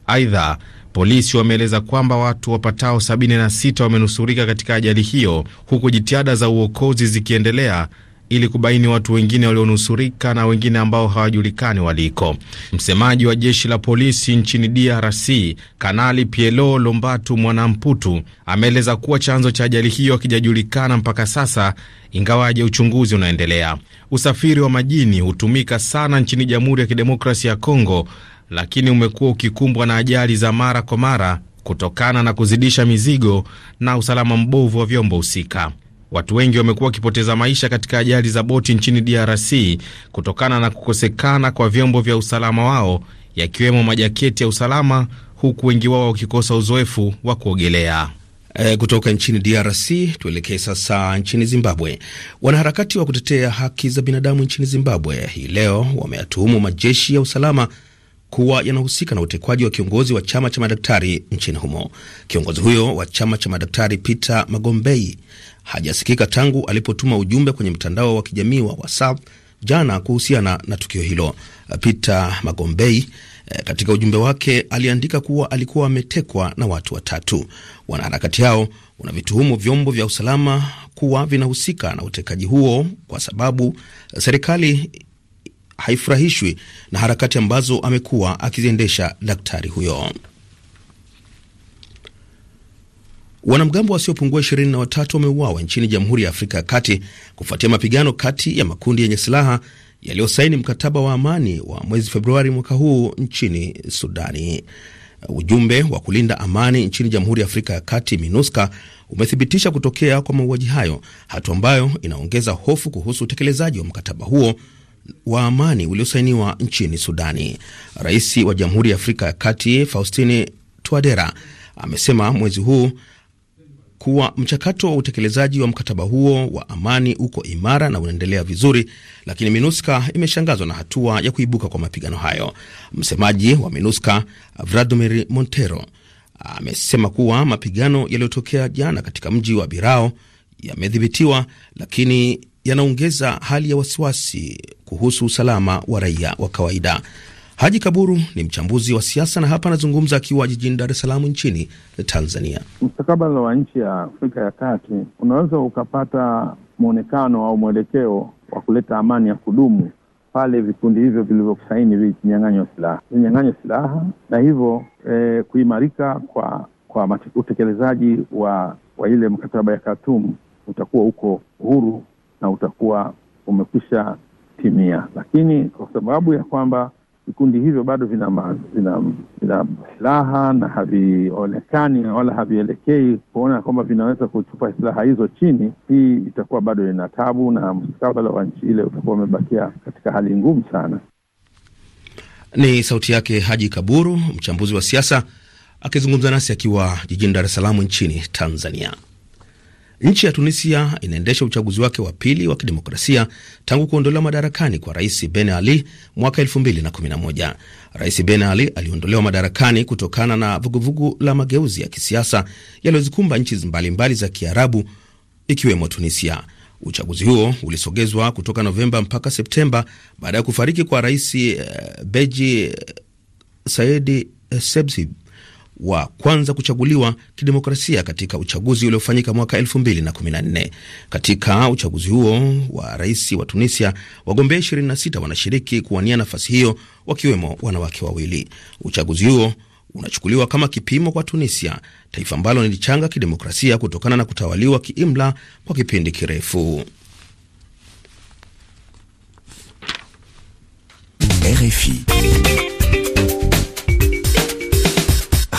Aidha, polisi wameeleza kwamba watu wapatao 76 wamenusurika katika ajali hiyo, huku jitihada za uokozi zikiendelea ili kubaini watu wengine walionusurika na wengine ambao hawajulikani waliko. Msemaji wa jeshi la polisi nchini DRC Kanali Pielo Lombatu Mwanamputu ameeleza kuwa chanzo cha ajali hiyo hakijajulikana mpaka sasa, ingawaje uchunguzi unaendelea. Usafiri wa majini hutumika sana nchini Jamhuri ya Kidemokrasia ya Kongo, lakini umekuwa ukikumbwa na ajali za mara kwa mara kutokana na kuzidisha mizigo na usalama mbovu wa vyombo husika. Watu wengi wamekuwa wakipoteza maisha katika ajali za boti nchini DRC kutokana na kukosekana kwa vyombo vya usalama wao, yakiwemo majaketi ya usalama, huku wengi wao wakikosa uzoefu wa kuogelea. E, kutoka nchini DRC tuelekee sasa nchini Zimbabwe. Wanaharakati wa kutetea haki za binadamu nchini Zimbabwe hii leo wameyatuhumu majeshi ya usalama kuwa yanahusika na utekwaji wa kiongozi wa chama cha madaktari nchini humo. Kiongozi huyo wa chama cha madaktari Peter Magombei hajasikika tangu alipotuma ujumbe kwenye mtandao wa kijamii wa WhatsApp jana kuhusiana na tukio hilo. Peter Magombei eh, katika ujumbe wake aliandika kuwa alikuwa ametekwa na watu watatu. Wanaharakati hao wanavituhumu vyombo vya usalama kuwa vinahusika na utekaji huo kwa sababu eh, serikali haifurahishwi na harakati ambazo amekuwa akiziendesha daktari huyo. Wanamgambo wasiopungua ishirini na watatu wameuawa nchini Jamhuri ya Afrika ya Kati kufuatia mapigano kati ya makundi yenye silaha yaliyosaini mkataba wa amani wa mwezi Februari mwaka huu nchini Sudani. Ujumbe wa kulinda amani nchini Jamhuri ya Afrika ya Kati, MINUSCA, umethibitisha kutokea kwa mauaji hayo, hatua ambayo inaongeza hofu kuhusu utekelezaji wa mkataba huo wa amani uliosainiwa nchini Sudani. Rais wa Jamhuri ya Afrika ya Kati Faustini Twadera amesema mwezi huu kuwa mchakato wa utekelezaji wa mkataba huo wa amani uko imara na unaendelea vizuri, lakini MINUSCA imeshangazwa na hatua ya kuibuka kwa mapigano hayo. Msemaji wa MINUSCA Vladimir Montero amesema kuwa mapigano yaliyotokea jana katika mji wa Birao yamedhibitiwa, lakini yanaongeza hali ya wasiwasi kuhusu usalama wa raia wa kawaida. Haji Kaburu ni mchambuzi wa siasa na hapa anazungumza akiwa jijini Dar es Salaam nchini Tanzania. mstakabala wa nchi ya Afrika ya Kati unaweza ukapata mwonekano au mwelekeo wa kuleta amani ya kudumu pale vikundi hivyo vilivyosaini vikinyang'anywa silaha vinyang'anywa silaha na hivyo e, kuimarika kwa kwa utekelezaji wa wa ile mkataba ya Khartoum utakuwa uko huru na utakuwa umekwisha timia, lakini kwa sababu ya kwamba vikundi hivyo bado vina vina vina silaha na havionekani wala havielekei kuona kwamba vinaweza kutupa silaha hizo chini, hii itakuwa bado ina tabu na mustakabala wa nchi ile utakuwa umebakia katika hali ngumu sana. Ni sauti yake Haji Kaburu, mchambuzi wa siasa akizungumza nasi akiwa jijini Dar es Salaam nchini Tanzania. Nchi ya Tunisia inaendesha uchaguzi wake wa pili wa kidemokrasia tangu kuondolewa madarakani kwa Rais Ben Ali mwaka 2011. Rais Ben Ali aliondolewa madarakani kutokana na vuguvugu la mageuzi ya kisiasa yaliyozikumba nchi mbalimbali za Kiarabu ikiwemo Tunisia. Uchaguzi huo ulisogezwa kutoka Novemba mpaka Septemba baada ya kufariki kwa Rais eh, Beji eh, Saidi eh, Sebsi wa kwanza kuchaguliwa kidemokrasia katika uchaguzi uliofanyika mwaka 2014. Katika uchaguzi huo wa rais wa Tunisia, wagombea 26 wanashiriki kuwania nafasi hiyo, wakiwemo wanawake wawili. Uchaguzi huo unachukuliwa kama kipimo kwa Tunisia, taifa ambalo ni lilichanga kidemokrasia kutokana na kutawaliwa kiimla kwa kipindi kirefu. RFI.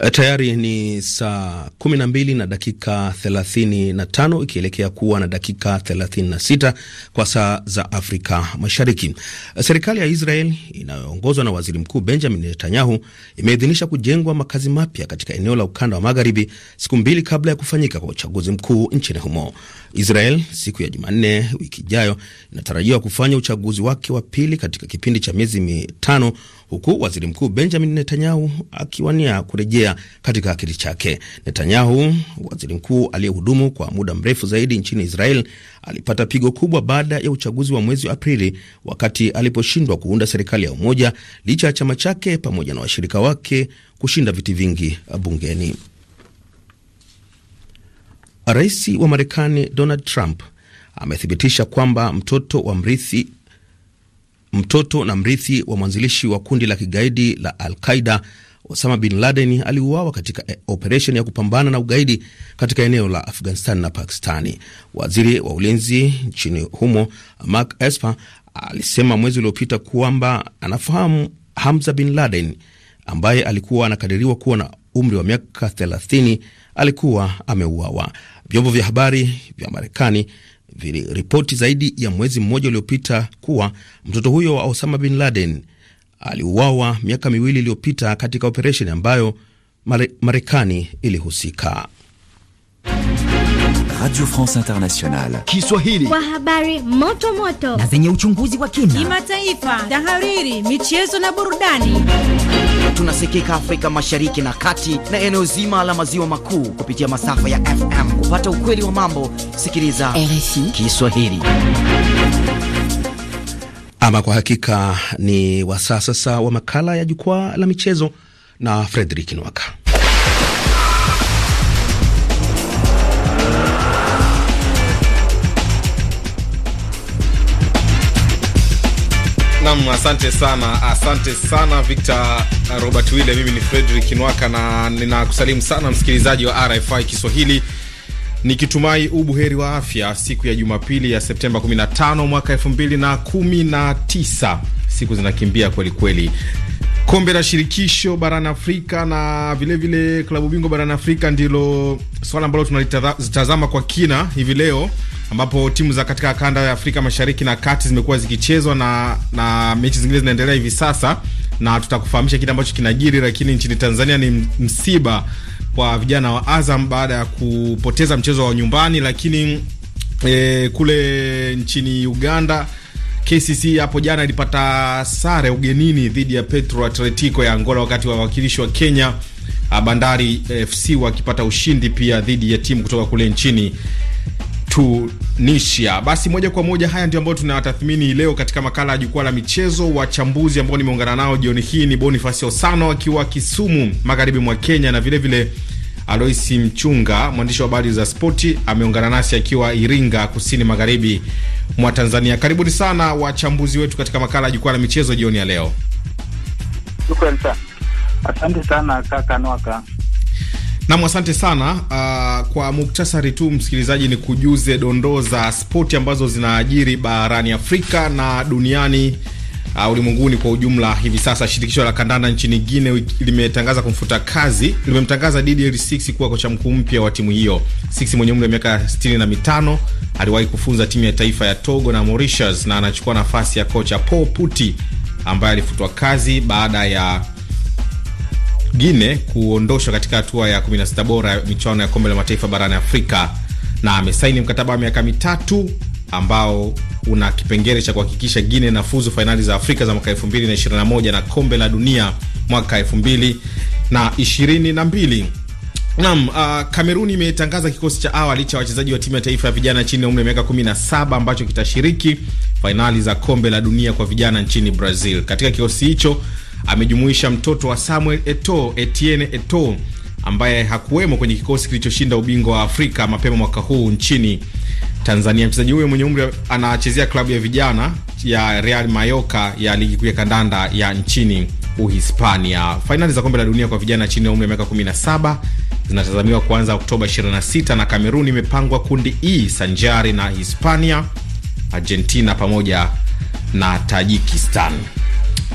Eh, tayari ni saa kumi na dakika 35 ikielekea kuwa na dakika sita kwa saa za Afrika Mashariki. Eh, serikali ya Israel inayoongozwa na waziri mkuu Benjamin Netanyahu imeidhinisha kujengwa makazi mapya katika eneo la ukanda wa magharibi siku mbili kabla ya kufanyika kwa uchaguzi mkuu nchini humo. Israel siku ya Jumanne wiki ijayo inatarajiwa kufanya uchaguzi wake wa pili katika kipindi cha miezi mitano huku waziri mkuu Benjamin Netanyahu akiwania kurejea katika kiti chake. Netanyahu, waziri mkuu aliyehudumu kwa muda mrefu zaidi nchini Israel, alipata pigo kubwa baada ya uchaguzi wa mwezi Aprili, wakati aliposhindwa kuunda serikali ya umoja licha ya chama chake pamoja na washirika wake kushinda viti vingi bungeni. Rais wa Marekani Donald Trump amethibitisha kwamba mtoto wa mrithi mtoto na mrithi wa mwanzilishi wa kundi la kigaidi la Al Qaida Osama bin Laden aliuawa katika eh, operesheni ya kupambana na ugaidi katika eneo la Afghanistan na Pakistani. Waziri wa ulinzi nchini humo Mark Esper alisema mwezi uliopita kwamba anafahamu Hamza bin Laden ambaye alikuwa anakadiriwa kuwa na umri wa miaka 30 alikuwa ameuawa. Vyombo vya habari vya Marekani viliripoti zaidi ya mwezi mmoja uliopita kuwa mtoto huyo wa Osama bin Laden aliuawa miaka miwili iliyopita katika operesheni ambayo Marekani ilihusika. Radio France Internationale. Kiswahili. Kwa habari moto moto na zenye uchunguzi wa kina, kimataifa, tahariri, michezo na burudani. Tunasikika Afrika Mashariki na Kati na eneo zima la maziwa makuu kupitia masafa ya FM. Kupata ukweli wa mambo, sikiliza RFI Kiswahili. Ama kwa hakika ni wasaa sasa wa makala ya jukwaa la michezo na Fredrik Nwaka. Naam, asante sana, asante sana Victor uh, Robert Wile. Mimi ni fredrik Nwaka na ninakusalimu sana msikilizaji wa RFI Kiswahili nikitumai ubuheri wa afya siku ya Jumapili ya Septemba 15 mwaka 2019. Siku zinakimbia kweli kweli. Kombe la shirikisho barani Afrika na vilevile klabu bingwa barani Afrika ndilo swala ambalo tunalitazama kwa kina hivi leo ambapo timu za katika kanda ya Afrika Mashariki na Kati zimekuwa zikichezwa na, na mechi zingine zinaendelea hivi sasa, na tutakufahamisha kile ambacho kinajiri. Lakini nchini Tanzania ni msiba kwa vijana wa Azam baada ya kupoteza mchezo wa nyumbani, lakini e, kule nchini Uganda KCC hapo jana ilipata sare ugenini dhidi ya Petro Atletico ya Angola, wakati wa wawakilishi wa Kenya Bandari FC wakipata ushindi pia dhidi ya timu kutoka kule nchini Tunisia. Basi moja kwa moja, haya ndio ambayo tunayatathmini leo katika makala ya jukwaa la michezo. Wachambuzi ambao nimeungana nao jioni hii ni bonifasi Osano akiwa Kisumu, magharibi mwa Kenya, na vilevile vile Aloisi Mchunga, mwandishi wa habari za spoti, ameungana nasi akiwa Iringa, kusini magharibi mwa Tanzania. Karibuni sana wachambuzi wetu katika makala ya jukwaa la michezo jioni ya leo. Asante sana kaka Nwaka. Nam, asante sana. Uh, kwa muktasari tu msikilizaji, ni kujuze dondoo za spoti ambazo zinaajiri barani Afrika na duniani uh, ulimwenguni kwa ujumla. Hivi sasa shirikisho la kandanda nchini Guinea limetangaza kumfuta kazi, limemtangaza Didier Six kuwa kocha mkuu mpya wa timu hiyo. Six mwenye umri wa miaka 65 aliwahi kufunza timu ya taifa ya Togo na Mauritius na anachukua nafasi ya kocha Paul Puti ambaye alifutwa kazi baada ya Gine kuondoshwa katika hatua ya 16 bora ya michuano ya kombe la mataifa barani Afrika, na amesaini mkataba wa miaka mitatu ambao una kipengele cha kuhakikisha Gine inafuzu fainali za Afrika za mwaka 2021 na kombe la dunia mwaka 2022. Naam, uh, Kameruni imetangaza kikosi cha awali cha wachezaji wa timu ya taifa ya vijana chini ya umri wa miaka 17 ambacho kitashiriki fainali za kombe la dunia kwa vijana nchini Brazil. Katika kikosi hicho amejumuisha mtoto wa Samuel Eto Etienne Eto ambaye hakuwemo kwenye kikosi kilichoshinda ubingwa wa Afrika mapema mwaka huu nchini Tanzania. Mchezaji huyo mwenye umri anachezea klabu ya vijana ya Real Mallorca ya ligi kuu ya kandanda ya nchini Uhispania. Fainali za kombe la dunia kwa vijana chini ya umri wa miaka 17 zinatazamiwa kuanza Oktoba 26 na Kamerun imepangwa kundi E sanjari na Hispania, Argentina pamoja na Tajikistan.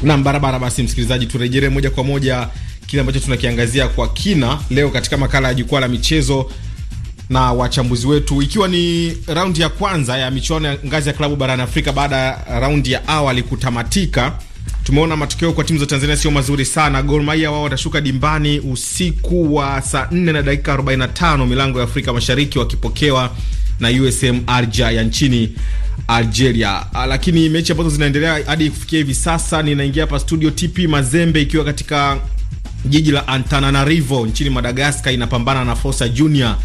Nam barabara. Basi msikilizaji, turejere moja kwa moja kile ambacho tunakiangazia kwa kina leo katika makala ya jukwaa la michezo na wachambuzi wetu, ikiwa ni raundi ya kwanza ya michuano ya ngazi ya klabu barani Afrika baada ya raundi ya awali kutamatika. Tumeona matokeo kwa timu za Tanzania sio mazuri sana. Gor Mahia wao watashuka dimbani usiku wa saa 4 na dakika 45 milango ya Afrika Mashariki, wakipokewa na USM Arja ya nchini Algeria. Ah, lakini mechi ambazo zinaendelea hadi kufikia hivi sasa, ninaingia hapa studio, TP Mazembe ikiwa katika jiji la Antananarivo nchini Madagaskar inapambana na Fosa Junior.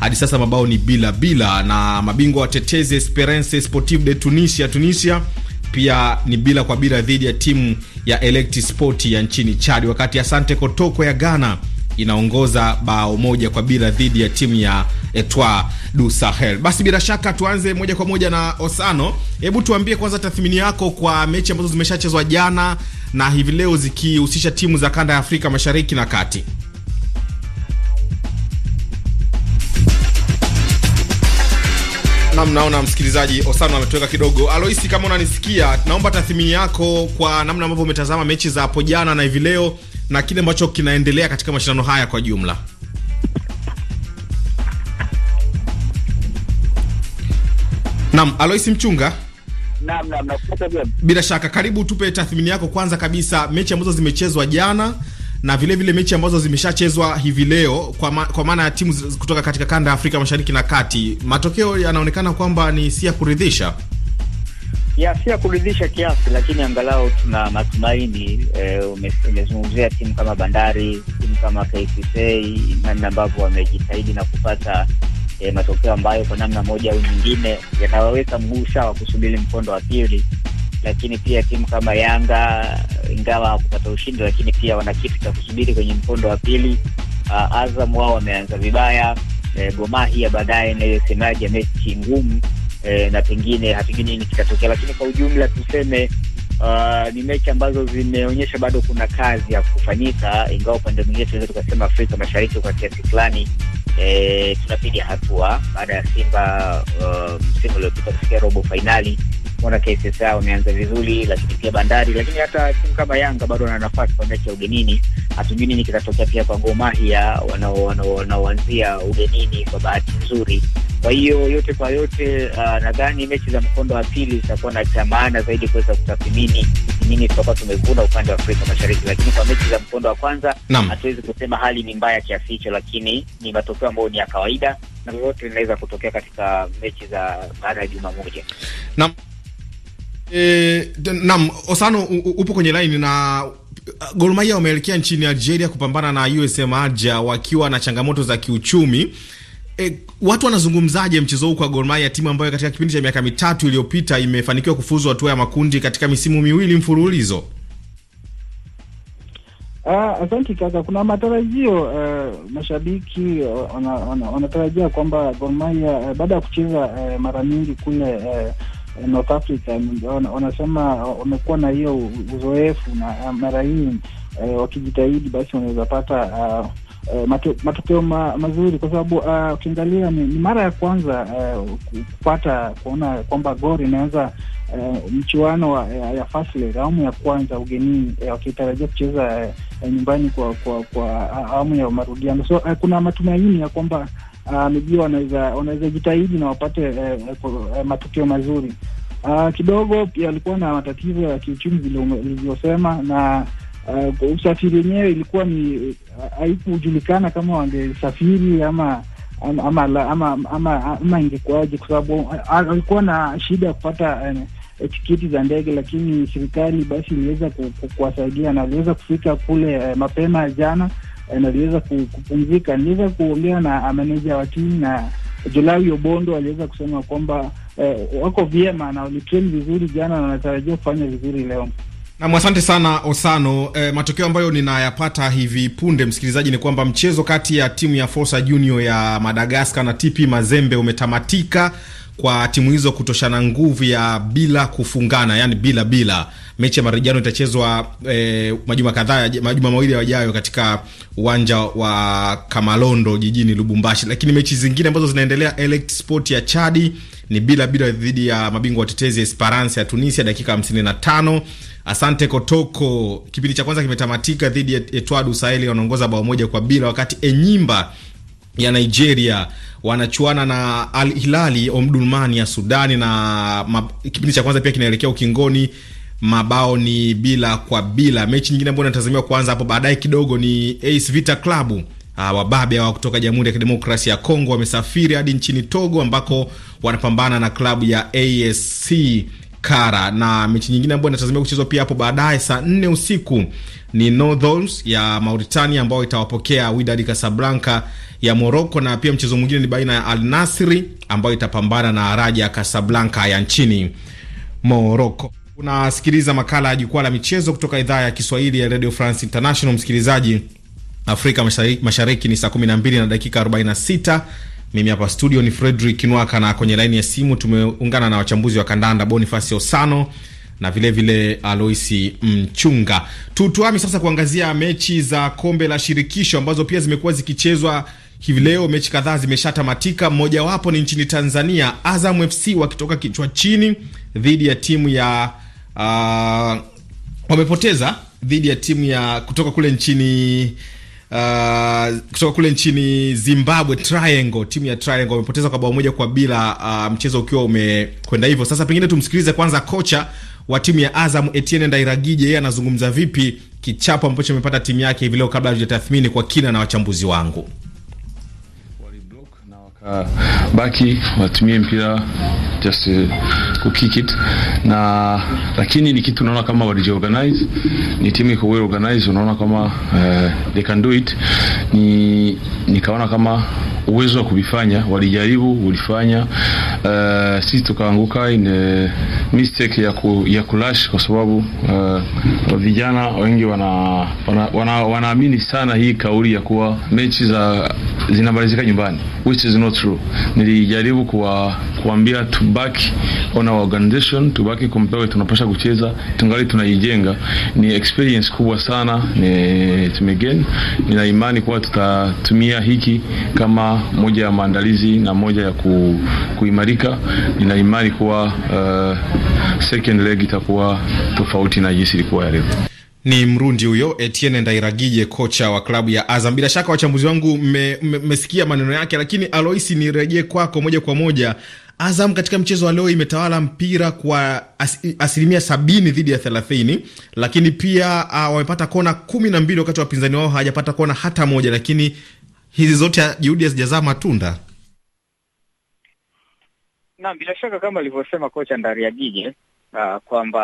Hadi sasa mabao ni bila bila, na mabingwa watetezi Esperance Sportive de Tunisia, Tunisia pia ni bila kwa bila dhidi ya timu ya Elect Sport ya nchini Chad, wakati Asante Kotoko ya Ghana inaongoza bao moja kwa bila dhidi ya timu ya Etoile du Sahel. Basi bila shaka tuanze moja kwa moja na Osano. Hebu tuambie kwanza tathmini yako kwa mechi ambazo zimeshachezwa jana na hivi leo zikihusisha timu za kanda ya Afrika Mashariki na Kati. Nam, naona msikilizaji Osano ametoweka kidogo. Aloisi, kama unanisikia, naomba tathmini yako kwa namna ambavyo umetazama mechi za hapo jana na hivi leo na kile ambacho kinaendelea katika mashindano haya kwa jumla. Naam, Alois Mchunga. Naam, naam, nakupata vyema. Bila shaka, karibu tupe tathmini yako kwanza kabisa mechi ambazo zimechezwa jana na vile vile mechi ambazo zimeshachezwa hivi leo kwa, ma, kwa maana ya timu kutoka katika kanda ya Afrika Mashariki na Kati. Matokeo yanaonekana kwamba ni si ya kuridhisha. Ya si ya kuridhisha kiasi, lakini angalau tuna matumaini. e, umezungumzia timu kama Bandari, timu kama KCCA, namna ambavyo wamejitahidi na kupata e, matokeo ambayo kwa namna moja au nyingine yanaweka mguu sawa kusubiri mkondo wa pili, lakini pia timu kama Yanga ingawa hakupata ushindi, lakini pia wana kitu cha kusubiri kwenye mkondo wa pili. Uh, Azam wao wameanza vibaya e, eh, Gomahia baadaye na ile mechi ngumu e, na pengine hatujui nini kitatokea, lakini kwa ujumla tuseme Uh, ni mechi ambazo zimeonyesha bado kuna kazi ya kufanyika, ingawa upande mwingine tunaweza tukasema Afrika Mashariki kwa kiasi fulani e, tunapiga hatua baada ya Simba eh, msimu uh, uliopita kufikia robo fainali. Ona KCCA wameanza vizuri, lakini pia Bandari, lakini hata timu kama Yanga bado wana nafasi kwa mechi ya ugenini hatujui nini kitatokea pia kwa gomahia Mahia wanaoanzia ugenini kwa bahati nzuri. Kwa hiyo yote kwa yote, uh, nadhani mechi za mkondo wa pili zitakuwa na cha maana zaidi kuweza kutathmini nini tutakuwa tumevuna upande wa Afrika Mashariki, lakini kwa mechi za mkondo wa kwanza hatuwezi kusema hali ni mbaya kiasi hicho, lakini ni matokeo ambayo ni ya kawaida na lolote linaweza kutokea katika mechi za baada ya juma moja. Naam, e, naam, Osano upo kwenye line na Uh, Gor Mahia wameelekea nchini Algeria kupambana na USM Alger wakiwa na changamoto za kiuchumi. E, watu wanazungumzaje mchezo huu kwa Gor Mahia, timu ambayo katika kipindi cha miaka mitatu iliyopita imefanikiwa kufuzu hatua ya makundi katika misimu miwili mfululizo? Ah, asante kaka, kuna matarajio uh, mashabiki eh, wanatarajia kwamba Gor Mahia uh, baada ya kucheza uh, mara nyingi kule uh, North Africa wanasema wamekuwa na hiyo uzoefu, na mara hii eh, wakijitahidi basi wanaweza pata uh, uh, matokeo ma, mazuri kwa sababu ah, ukiangalia uh, ni, ni mara ya kwanza uh, kupata kuona kwamba Gor inaweza uh, mchuano wa, ya, ya fasle awamu ya kwanza ugenini wakitarajia kucheza uh, nyumbani kwa kwa kwa ah, awamu ya marudiano so uh, kuna matumaini ya kwamba amejua ah, wanaweza jitahidi na wapate uh, uh, matokeo mazuri. Uh, kidogo alikuwa na matatizo ya kiuchumi vile na uh, usafiri wenyewe ilikuwa ni haikujulikana uh, kama wangesafiri ama ama ama, ama, ama, ingekuwaje, kwa sababu ah, alikuwa na shida ya kupata uh, tikiti za ndege, lakini serikali basi iliweza kuwasaidia na aliweza kufika kule uh, mapema jana naliweza kupumzika. Niliweza kuongea na ah, maneja wa timu na Julai Obondo aliweza kusema kwamba eh, wako vyema na walitrain vizuri jana na wanatarajia kufanya vizuri leo. Nam, asante sana Osano. E, matokeo ambayo ninayapata hivi punde, msikilizaji, ni kwamba mchezo kati ya timu ya forsa Junior ya Madagaskar na TP Mazembe umetamatika kwa timu hizo kutoshana nguvu ya bila kufungana, yani bila bila. Mechi ya marejano itachezwa e, majuma kadhaa, majuma mawili yajayo katika uwanja wa Kamalondo jijini Lubumbashi. Lakini mechi zingine ambazo zinaendelea, Elect Sport ya Chadi ni bila bila dhidi ya mabingwa watetezi Esperance ya Tunisia dakika 55. Asante Kotoko kipindi cha kwanza kimetamatika dhidi ya Etwadu saeli wanaongoza bao moja kwa bila, wakati Enyimba ya Nigeria wanachuana na Al Hilali Omdurman ya Sudani, na kipindi cha kwanza pia kinaelekea ukingoni mabao ni bila kwa bila. Mechi nyingine ambayo inatazamiwa kuanza hapo baadaye kidogo ni AS Vita Club Uh, wababe hawa kutoka Jamhuri ya Kidemokrasia ya Kongo wamesafiri hadi nchini Togo ambako wanapambana na klabu ya ASC Kara, na mechi nyingine ambayo inatazamia kuchezwa pia hapo baadaye saa nne usiku ni Northols ya Mauritania ambao itawapokea Wydad Casablanca ya Moroko, na pia mchezo mwingine ni baina ya Al Nasri ambayo itapambana na Raja Kasablanka ya nchini Moroko. Unasikiliza makala ya jukwaa la michezo kutoka idhaa ya Kiswahili ya Radio France International. Msikilizaji, Afrika Mashariki, mashariki ni saa 12 na dakika 46. Mimi hapa studio ni Fredrick Nwaka na kwenye laini ya simu tumeungana na wachambuzi wa kandanda Boniface Osano na vilevile vile Aloisi Mchunga. Tutuami sasa kuangazia mechi za kombe la shirikisho ambazo pia zimekuwa zikichezwa Hivi leo mechi kadhaa zimeshatamatika, mmojawapo ni nchini Tanzania, Azam FC wakitoka kichwa chini dhidi ya timu ya uh, wamepoteza dhidi ya timu ya kutoka kule nchini uh, kutoka kule nchini Zimbabwe Triangle, timu ya Triangle wamepoteza kwa bao moja kwa bila, uh, mchezo ukiwa umekwenda hivyo. Sasa pengine tumsikilize kwanza kocha wa timu ya Azam Etienne Ndairagije, yeye anazungumza vipi kichapo ambacho amepata timu yake hivi leo, kabla hatujatathmini kwa kina na wachambuzi wangu. Uh, baki watumie mpira just uh, kukick it na, lakini ni kitu unaona kama wali organize, ni timu iko well organize, unaona kama uh, they can do it. Ni nikaona kama uwezo wa kuvifanya, walijaribu ulifanya. Uh, sisi tukaanguka in eh, mistake ya, ku, ya kulash kwa sababu uh, vijana wengi wanaamini wana, wana, wana sana hii kauli ya kuwa mechi za zinamalizika nyumbani which is not true. Nilijaribu kuwa, kuambia tubaki on our organization, tubaki kumpewe, tunapasha kucheza tungali tunaijenga. Ni experience kubwa sana, ni tumegain. Nina imani kuwa tutatumia hiki kama moja ya maandalizi na moja ya ku, kuimarika. Nina imani kuwa uh, second leg itakuwa tofauti na jinsi ilikuwa ya leo. Ni Mrundi huyo Etienne Ndairagije, kocha wa klabu ya Azam. Bila shaka wachambuzi wangu mmesikia me, me, maneno yake, lakini Aloisi, nirejee kwako moja kwa moja. Azam katika mchezo wa leo imetawala mpira kwa as, asilimia sabini dhidi ya thelathini, lakini pia uh, wamepata kona kumi na mbili wakati wapinzani wao hawajapata kona hata moja, lakini hizi zote juhudi hazijazaa matunda. na bila shaka kama alivyosema kocha Ndari ya Gige uh, kwamba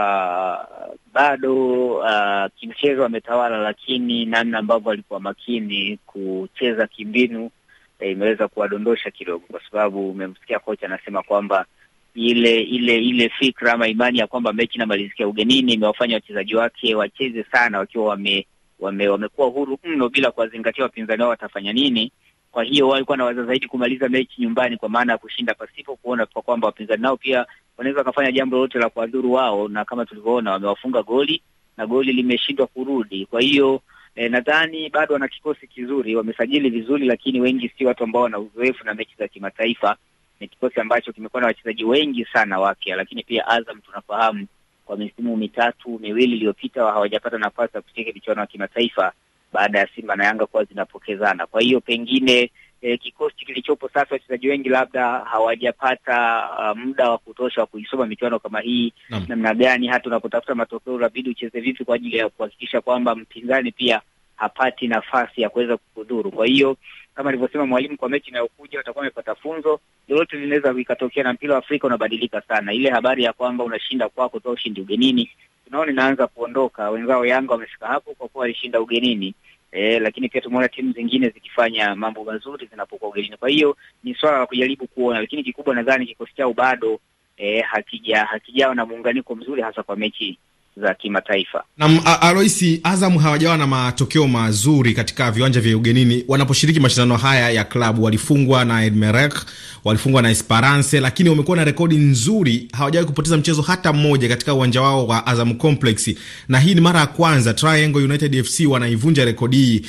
bado uh, kimchezo ametawala, lakini namna ambavyo alikuwa makini kucheza kimbinu eh, imeweza kuwadondosha kidogo, kwa sababu umemsikia kocha anasema kwamba ile ile ile fikra ama imani ya kwamba mechi inamalizikia ugenini imewafanya wachezaji wake wacheze sana wakiwa wame wame, wamekuwa huru mno bila kuwazingatia wapinzani wao watafanya nini. Kwa hiyo walikuwa na waza zaidi kumaliza mechi nyumbani, kwa maana ya kushinda pasipo kuona kwa kwamba wapinzani nao pia wanaweza wakafanya jambo lolote la kuadhuru wao, na kama tulivyoona wamewafunga goli na goli limeshindwa kurudi. Kwa hiyo eh, nadhani bado wana kikosi kizuri, wamesajili vizuri, lakini wengi si watu ambao wana uzoefu na mechi za kimataifa. Ni kikosi ambacho kimekuwa na wachezaji wengi sana wapya, lakini pia Azam tunafahamu kwa misimu mitatu miwili iliyopita hawajapata nafasi ya kushiriki michuano ya kimataifa baada ya Simba na Yanga kuwa zinapokezana. Kwa hiyo pengine eh, kikosi kilichopo sasa, wachezaji wengi labda hawajapata uh, muda wa kutosha wa kuisoma michuano kama hii namna gani, hata unapotafuta matokeo unabidi ucheze vipi kwa ajili ya kuhakikisha kwamba mpinzani pia hapati nafasi ya kuweza kuhudhuru. Kwa hiyo kama alivyosema mwalimu, kwa mechi inayokuja watakuwa wamepata funzo. Lolote linaweza ikatokea, na mpira wa Afrika unabadilika sana. Ile habari ya kwamba unashinda kwako kutoa ushindi ugenini, tunaona inaanza kuondoka. Wenzao Yanga wamefika hapo kwa kuwa walishinda ugenini. E, lakini pia tumeona timu zingine zikifanya mambo mazuri zinapokuwa ugenini. Kwa hiyo ni swala la kujaribu kuona, lakini kikubwa nadhani kikosi chao bado e, hakija hakijawa na muunganiko mzuri hasa kwa mechi za kimataifa. Naam, Aloisi, Azam hawajawa na matokeo mazuri katika viwanja vya ugenini wanaposhiriki mashindano haya ya klabu. Walifungwa na Edmerek, walifungwa na Esperance, lakini wamekuwa na rekodi nzuri, hawajawahi kupoteza mchezo hata mmoja katika uwanja wao wa Azam Complex, na hii ni mara ya kwanza Triangle United FC wanaivunja rekodi hii.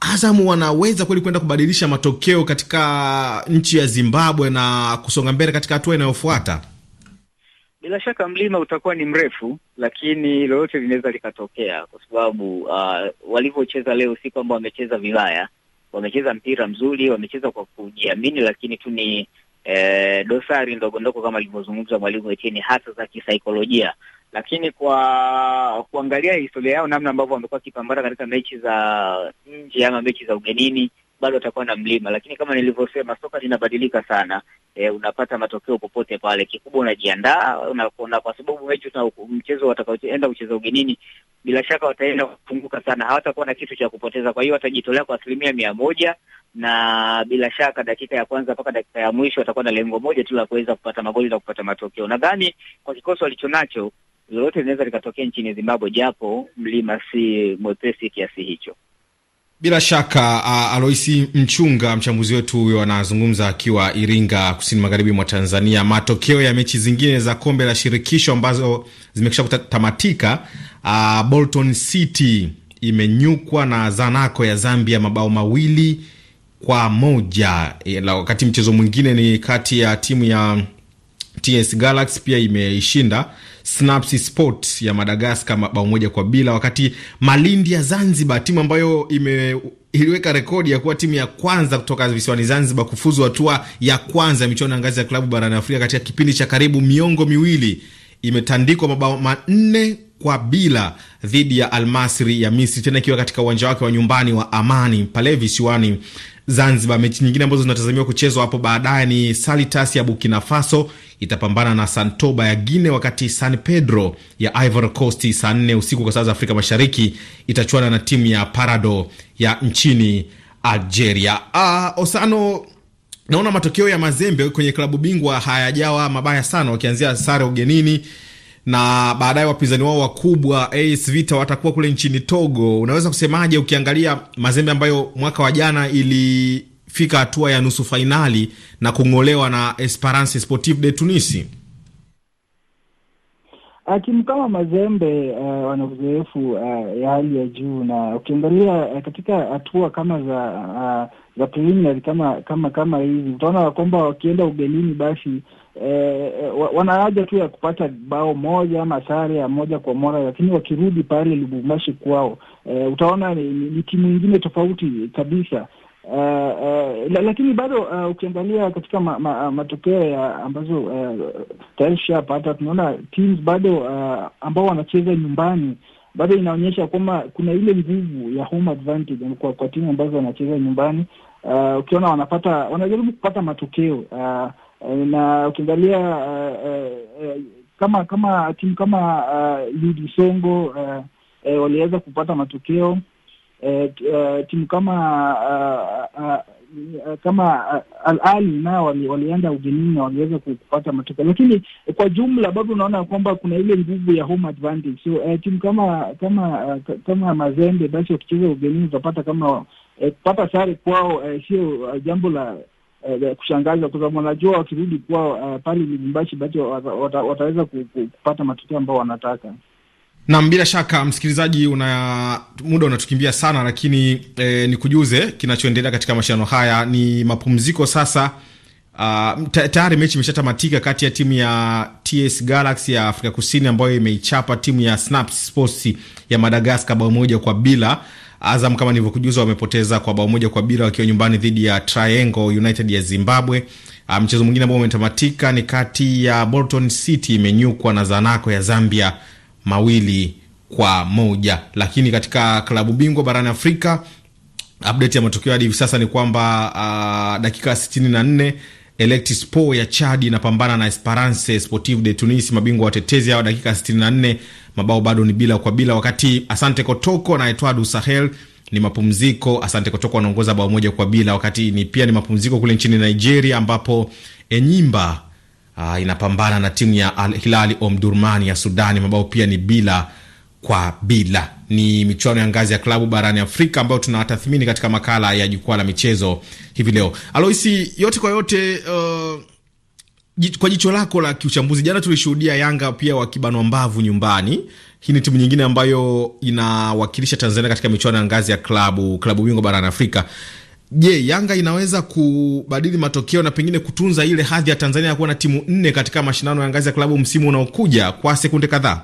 Azam wanaweza kweli kwenda kubadilisha matokeo katika nchi ya Zimbabwe na kusonga mbele katika hatua inayofuata? Bila shaka mlima utakuwa ni mrefu, lakini lolote linaweza likatokea, kwa sababu uh, walivyocheza leo si kwamba wamecheza vibaya, wamecheza mpira mzuri, wamecheza kwa kujiamini, lakini tu ni eh, dosari ndogo ndogo kama alivyozungumza mwalimu Etienne, hasa za kisaikolojia. Lakini kwa kuangalia historia yao, namna ambavyo wamekuwa wakipambana katika mechi za nje ama mechi za ugenini bado atakuwa na mlima, lakini kama nilivyosema, soka linabadilika sana. E, unapata matokeo popote pale, kikubwa unajiandaa una, una, kwa sababu mechi na mchezo watakaoenda kucheza ugenini, bila shaka wataenda kufunguka sana, hawatakuwa na kitu cha kupoteza. Kwa hiyo watajitolea kwa asilimia mia moja na bila shaka dakika ya kwanza mpaka dakika ya mwisho watakuwa na lengo moja tu la kuweza kupata magoli na kupata matokeo. Nadhani kwa kikosi walichonacho lolote linaweza likatokea nchini Zimbabwe, japo mlima si mwepesi kiasi hicho. Bila shaka uh, Aloisi Mchunga, mchambuzi wetu huyo, anazungumza akiwa Iringa, kusini magharibi mwa Tanzania. Matokeo ya mechi zingine za kombe la shirikisho ambazo zimekisha kutamatika, uh, Bolton City imenyukwa na Zanaco ya Zambia mabao mawili kwa moja, e, wakati mchezo mwingine ni kati ya timu ya TS Galaxy pia imeishinda Snapsi Sport ya Madagaskar mabao moja kwa bila, wakati Malindi ya Zanzibar, timu ambayo ime iliweka rekodi ya kuwa timu ya kwanza kutoka visiwani Zanzibar kufuzu hatua ya kwanza ya michuano ya ngazi ya klabu barani Afrika katika kipindi cha karibu miongo miwili imetandikwa mabao manne kwa bila dhidi ya Almasri ya Misri, tena ikiwa katika uwanja wake wa nyumbani wa Amani pale visiwani Zanzibar. Mechi nyingine ambazo zinatazamiwa kuchezwa hapo baadaye ni Salitas ya Burkina Faso itapambana na Santoba ya Guine, wakati San Pedro ya Ivory Coast saa nne usiku kwa saa za Afrika Mashariki itachuana na timu ya Parado ya nchini Algeria. Uh, Osano, naona matokeo ya mazembe kwenye klabu bingwa hayajawa mabaya sana, wakianzia sare ugenini na baadaye wapinzani wao wakubwa AS Vita watakuwa kule nchini Togo. Unaweza kusemaje ukiangalia Mazembe ambayo mwaka wa jana ilifika hatua ya nusu fainali na kung'olewa na Esperance Sportive de Tunisi? Ah, timu kama Mazembe uh, wana uzoefu uh, ya hali ya juu, na ukiangalia uh, katika hatua kama za uh, za preliminary kama kama kama hizi utaona kwamba wakienda ugenini basi eh, eh wana haja tu ya kupata bao moja ama sare ya moja kwa moja, lakini wakirudi pale Lubumbashi kwao, eh, utaona ni, ni timu ingine tofauti kabisa. Uh, uh, la, lakini bado uh, ukiangalia katika ma, ma, matokeo ya ambazo uh, tayari tunaona teams bado uh, ambao wanacheza nyumbani bado inaonyesha kwamba kuna ile nguvu ya home advantage kwa, kwa timu ambazo wanacheza nyumbani. Uh, ukiona wanapata wanajaribu kupata matokeo uh, Eh, na ukiangalia uh, uh, uh, kama kama timu kama uh, songo Sengo uh, uh, waliweza kupata matokeo uh, uh, timu kama uh, uh, kama alali nao walienda ugenini na waliweza kupata matokeo, lakini kwa jumla bado unaona kwamba kuna ile nguvu ya home advantage. So eh, timu kama kama kama Mazembe basi wakicheza ugenini utapata kama eh, kupata sare kwao eh, sio jambo la uh, kushangaza kwa sababu wanajua wakirudi kuwa uh, pale Lubumbashi basi wata, wata, wataweza kupata matokeo ambao wanataka. Nam, bila shaka msikilizaji, una muda unatukimbia sana, lakini eh, nikujuze kinachoendelea katika mashindano haya. Ni mapumziko sasa. Uh, tayari mechi imeshatamatika kati ya timu ya TS Galaxy ya Afrika Kusini ambayo imeichapa timu ya Snaps Sports ya Madagascar bao moja kwa bila Azam kama nilivyokujuza, wamepoteza kwa bao moja kwa bila wakiwa nyumbani dhidi ya Triangle United ya Zimbabwe. Ah, mchezo mwingine ambao umetamatika ni kati ya Bolton City imenyukwa na Zanaco ya Zambia mawili kwa moja. Lakini katika klabu bingwa barani Afrika, update ya matokeo hadi hivi sasa ni kwamba uh, dakika 64 Electispo ya chad inapambana na Esperance Sportive de Tunis, mabingwa watetezi hawa, dakika 64 mabao bado ni bila kwa bila, wakati Asante Kotoko na Etwadu Sahel ni mapumziko. Asante Kotoko wanaongoza bao moja kwa bila, wakati ni pia ni mapumziko kule nchini Nigeria ambapo Enyimba uh, inapambana na timu ya Al Hilali Omdurman ya Sudani, mabao pia ni bila kwa bila. Ni michuano ya ngazi ya klabu barani Afrika ambayo tunawatathmini katika makala ya jukwaa la michezo hivi leo. Aloisi, yote kwa yote, uh, kwa jicho lako la kiuchambuzi, jana tulishuhudia Yanga pia wakibanwa mbavu nyumbani. Hii ni timu nyingine ambayo inawakilisha Tanzania katika michuano ya ngazi ya klabu klabu bingwa barani Afrika. Je, Yanga inaweza kubadili matokeo na pengine kutunza ile hadhi ya Tanzania ya kuwa na timu nne katika mashindano ya ngazi ya klabu msimu unaokuja kwa sekunde kadhaa?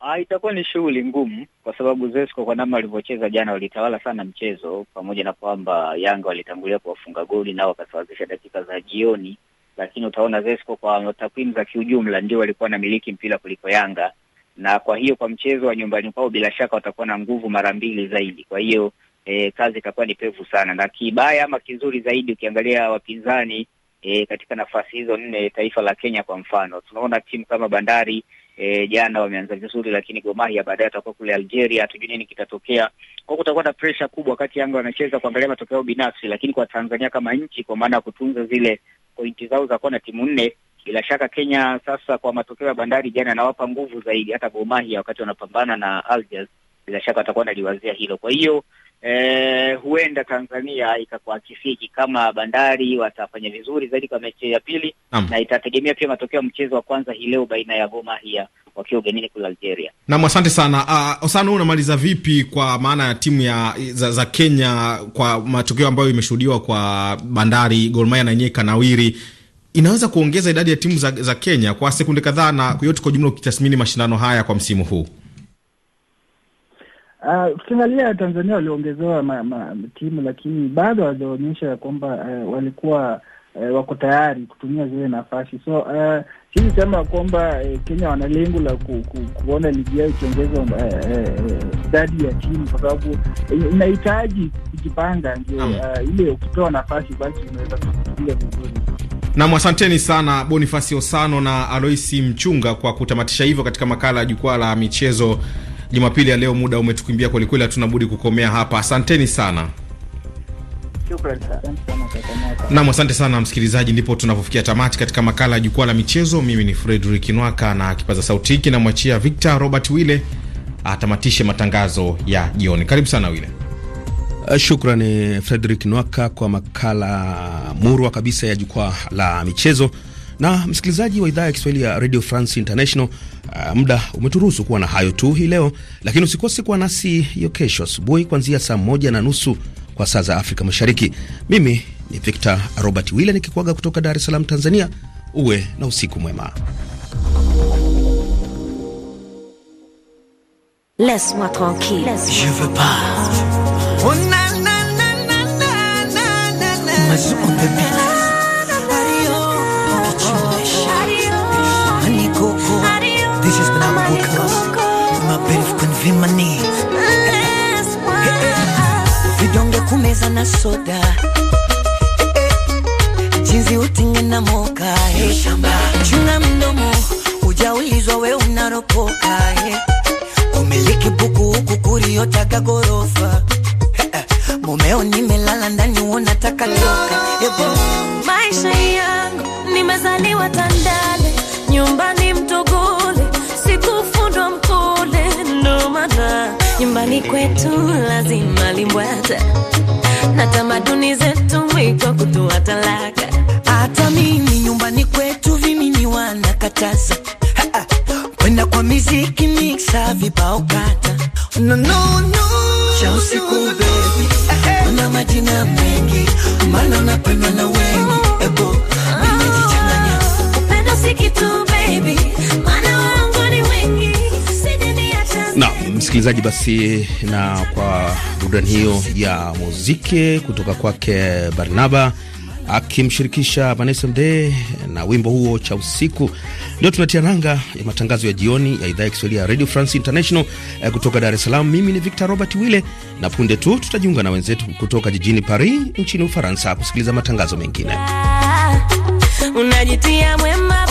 Ah, itakuwa ni shughuli ngumu kwa sababu Zesco kwa namna walivyocheza jana walitawala sana mchezo, pamoja na kwamba Yanga walitangulia kuwafunga goli nao wakasawazisha dakika za jioni, lakini utaona Zesco kwa takwimu za kiujumla ndio walikuwa na miliki mpira kuliko Yanga, na kwa hiyo kwa mchezo wa nyumbani kwao bila shaka watakuwa na nguvu mara mbili zaidi. Kwa hiyo e, kazi itakuwa ni pevu sana, na kibaya ama kizuri zaidi ukiangalia wapinzani E, katika nafasi hizo nne, taifa la Kenya kwa mfano, tunaona timu kama Bandari e, jana wameanza vizuri, lakini Gor Mahia baadaye watakuwa kule Algeria. Hatujui nini kitatokea, kwa kutakuwa na pressure kubwa wakati Yanga wanacheza kuangalia matokeo binafsi, lakini kwa Tanzania kama nchi, kwa maana ya kutunza zile pointi zao za kuwa na timu nne bila shaka Kenya sasa, kwa matokeo ya Bandari jana, anawapa nguvu zaidi hata Gor Mahia wakati wanapambana na Algiers bila shaka watakuwa wanaliwazia hilo. Kwa hiyo eh, huenda Tanzania ikakuwa kama Bandari watafanya vizuri zaidi kwa mechi ya pili Am. na itategemea pia matokeo ya mchezo wa kwanza hii leo baina ya Gor Mahia wakiwa ugenini kule Algeria. Naam, asante sana uh, ah, Osano, unamaliza vipi kwa maana ya timu ya za, za Kenya kwa matokeo ambayo imeshuhudiwa kwa Bandari, Gor Mahia na yenyewe kanawiri inaweza kuongeza idadi ya timu za, za Kenya kwa sekunde kadhaa na yote kwa jumla, ukitathmini mashindano haya kwa msimu huu? Uh, ah, tukiangalia Tanzania waliongezewa timu lakini bado hawajaonyesha kwamba uh, walikuwa uh, wako tayari kutumia zile nafasi, so uh, sema kwamba uh, Kenya wana lengo la ku, ku, kuona ligi yao ikiongezwa idadi uh, uh, ya timu kwa sababu uh, inahitaji kujipanga, ndio uh, ile ukitoa nafasi basi unaweza kufikiria vizuri. Nam, asanteni sana Bonifasi Osano na Aloisi Mchunga kwa kutamatisha hivyo katika makala ya jukwaa la michezo Jumapili ya leo. Muda umetukimbia kwelikweli, hatuna budi kukomea hapa. Asanteni sana. Nam, asante sana msikilizaji, ndipo tunapofikia tamati katika makala ya jukwaa la michezo. Mimi ni Fredrik Nwaka na kipaza sauti hiki namwachia Victor Robert wille atamatishe matangazo ya jioni. Karibu sana Wile. Eh, shukrani Fredrik Nwaka kwa makala murwa kabisa ya jukwaa la michezo. Na msikilizaji wa idhaa ya Kiswahili ya Radio France International, uh, muda umeturuhusu kuwa na hayo tu hii leo, lakini usikose kuwa nasi hiyo kesho asubuhi kuanzia saa moja na nusu kwa saa za Afrika Mashariki. Mimi ni Victor Robert Wille nikikuaga kutoka Dar es Salaam, Tanzania. Uwe na usiku mwema. Laisse-moi tranquille. Je veux pas. Oh, na, na, na, na, na, na, na. between my knees. Vidonge kumeza na soda, jinsi utinge na moka, eh. chunga mdomo, ujaulizwa we unaropoka, eh. umiliki buku huku kuriotaga gorofa, mumeo nimelala ndani, unataka loka eh, maisha yangu, nimezaliwa Tandale, nyumbani Mtogoro sana nyumbani kwetu lazima limbwata na tamaduni zetu mwiko kutoa talaka. Hata mimi nyumbani kwetu vimini wanakataza kwenda kwa miziki miksa vibao kata no, no, no, cha usiku bebi una majina mengi mana unapendwa na wengi ebo nimejichanganya upendo si kitu bebi mana wa msikilizaji, basi na kwa burudani hiyo ya muziki kutoka kwake Barnaba akimshirikisha Vanessa Mde na wimbo huo cha usiku, ndio tunatia nanga ya matangazo ya jioni ya idhaa ya Kiswahili ya Radio France International eh, kutoka Dar es Salaam. Mimi ni Victor Robert Wille, na punde tu tutajiunga na wenzetu kutoka jijini Paris nchini Ufaransa kusikiliza matangazo mengine. Unajitia mwema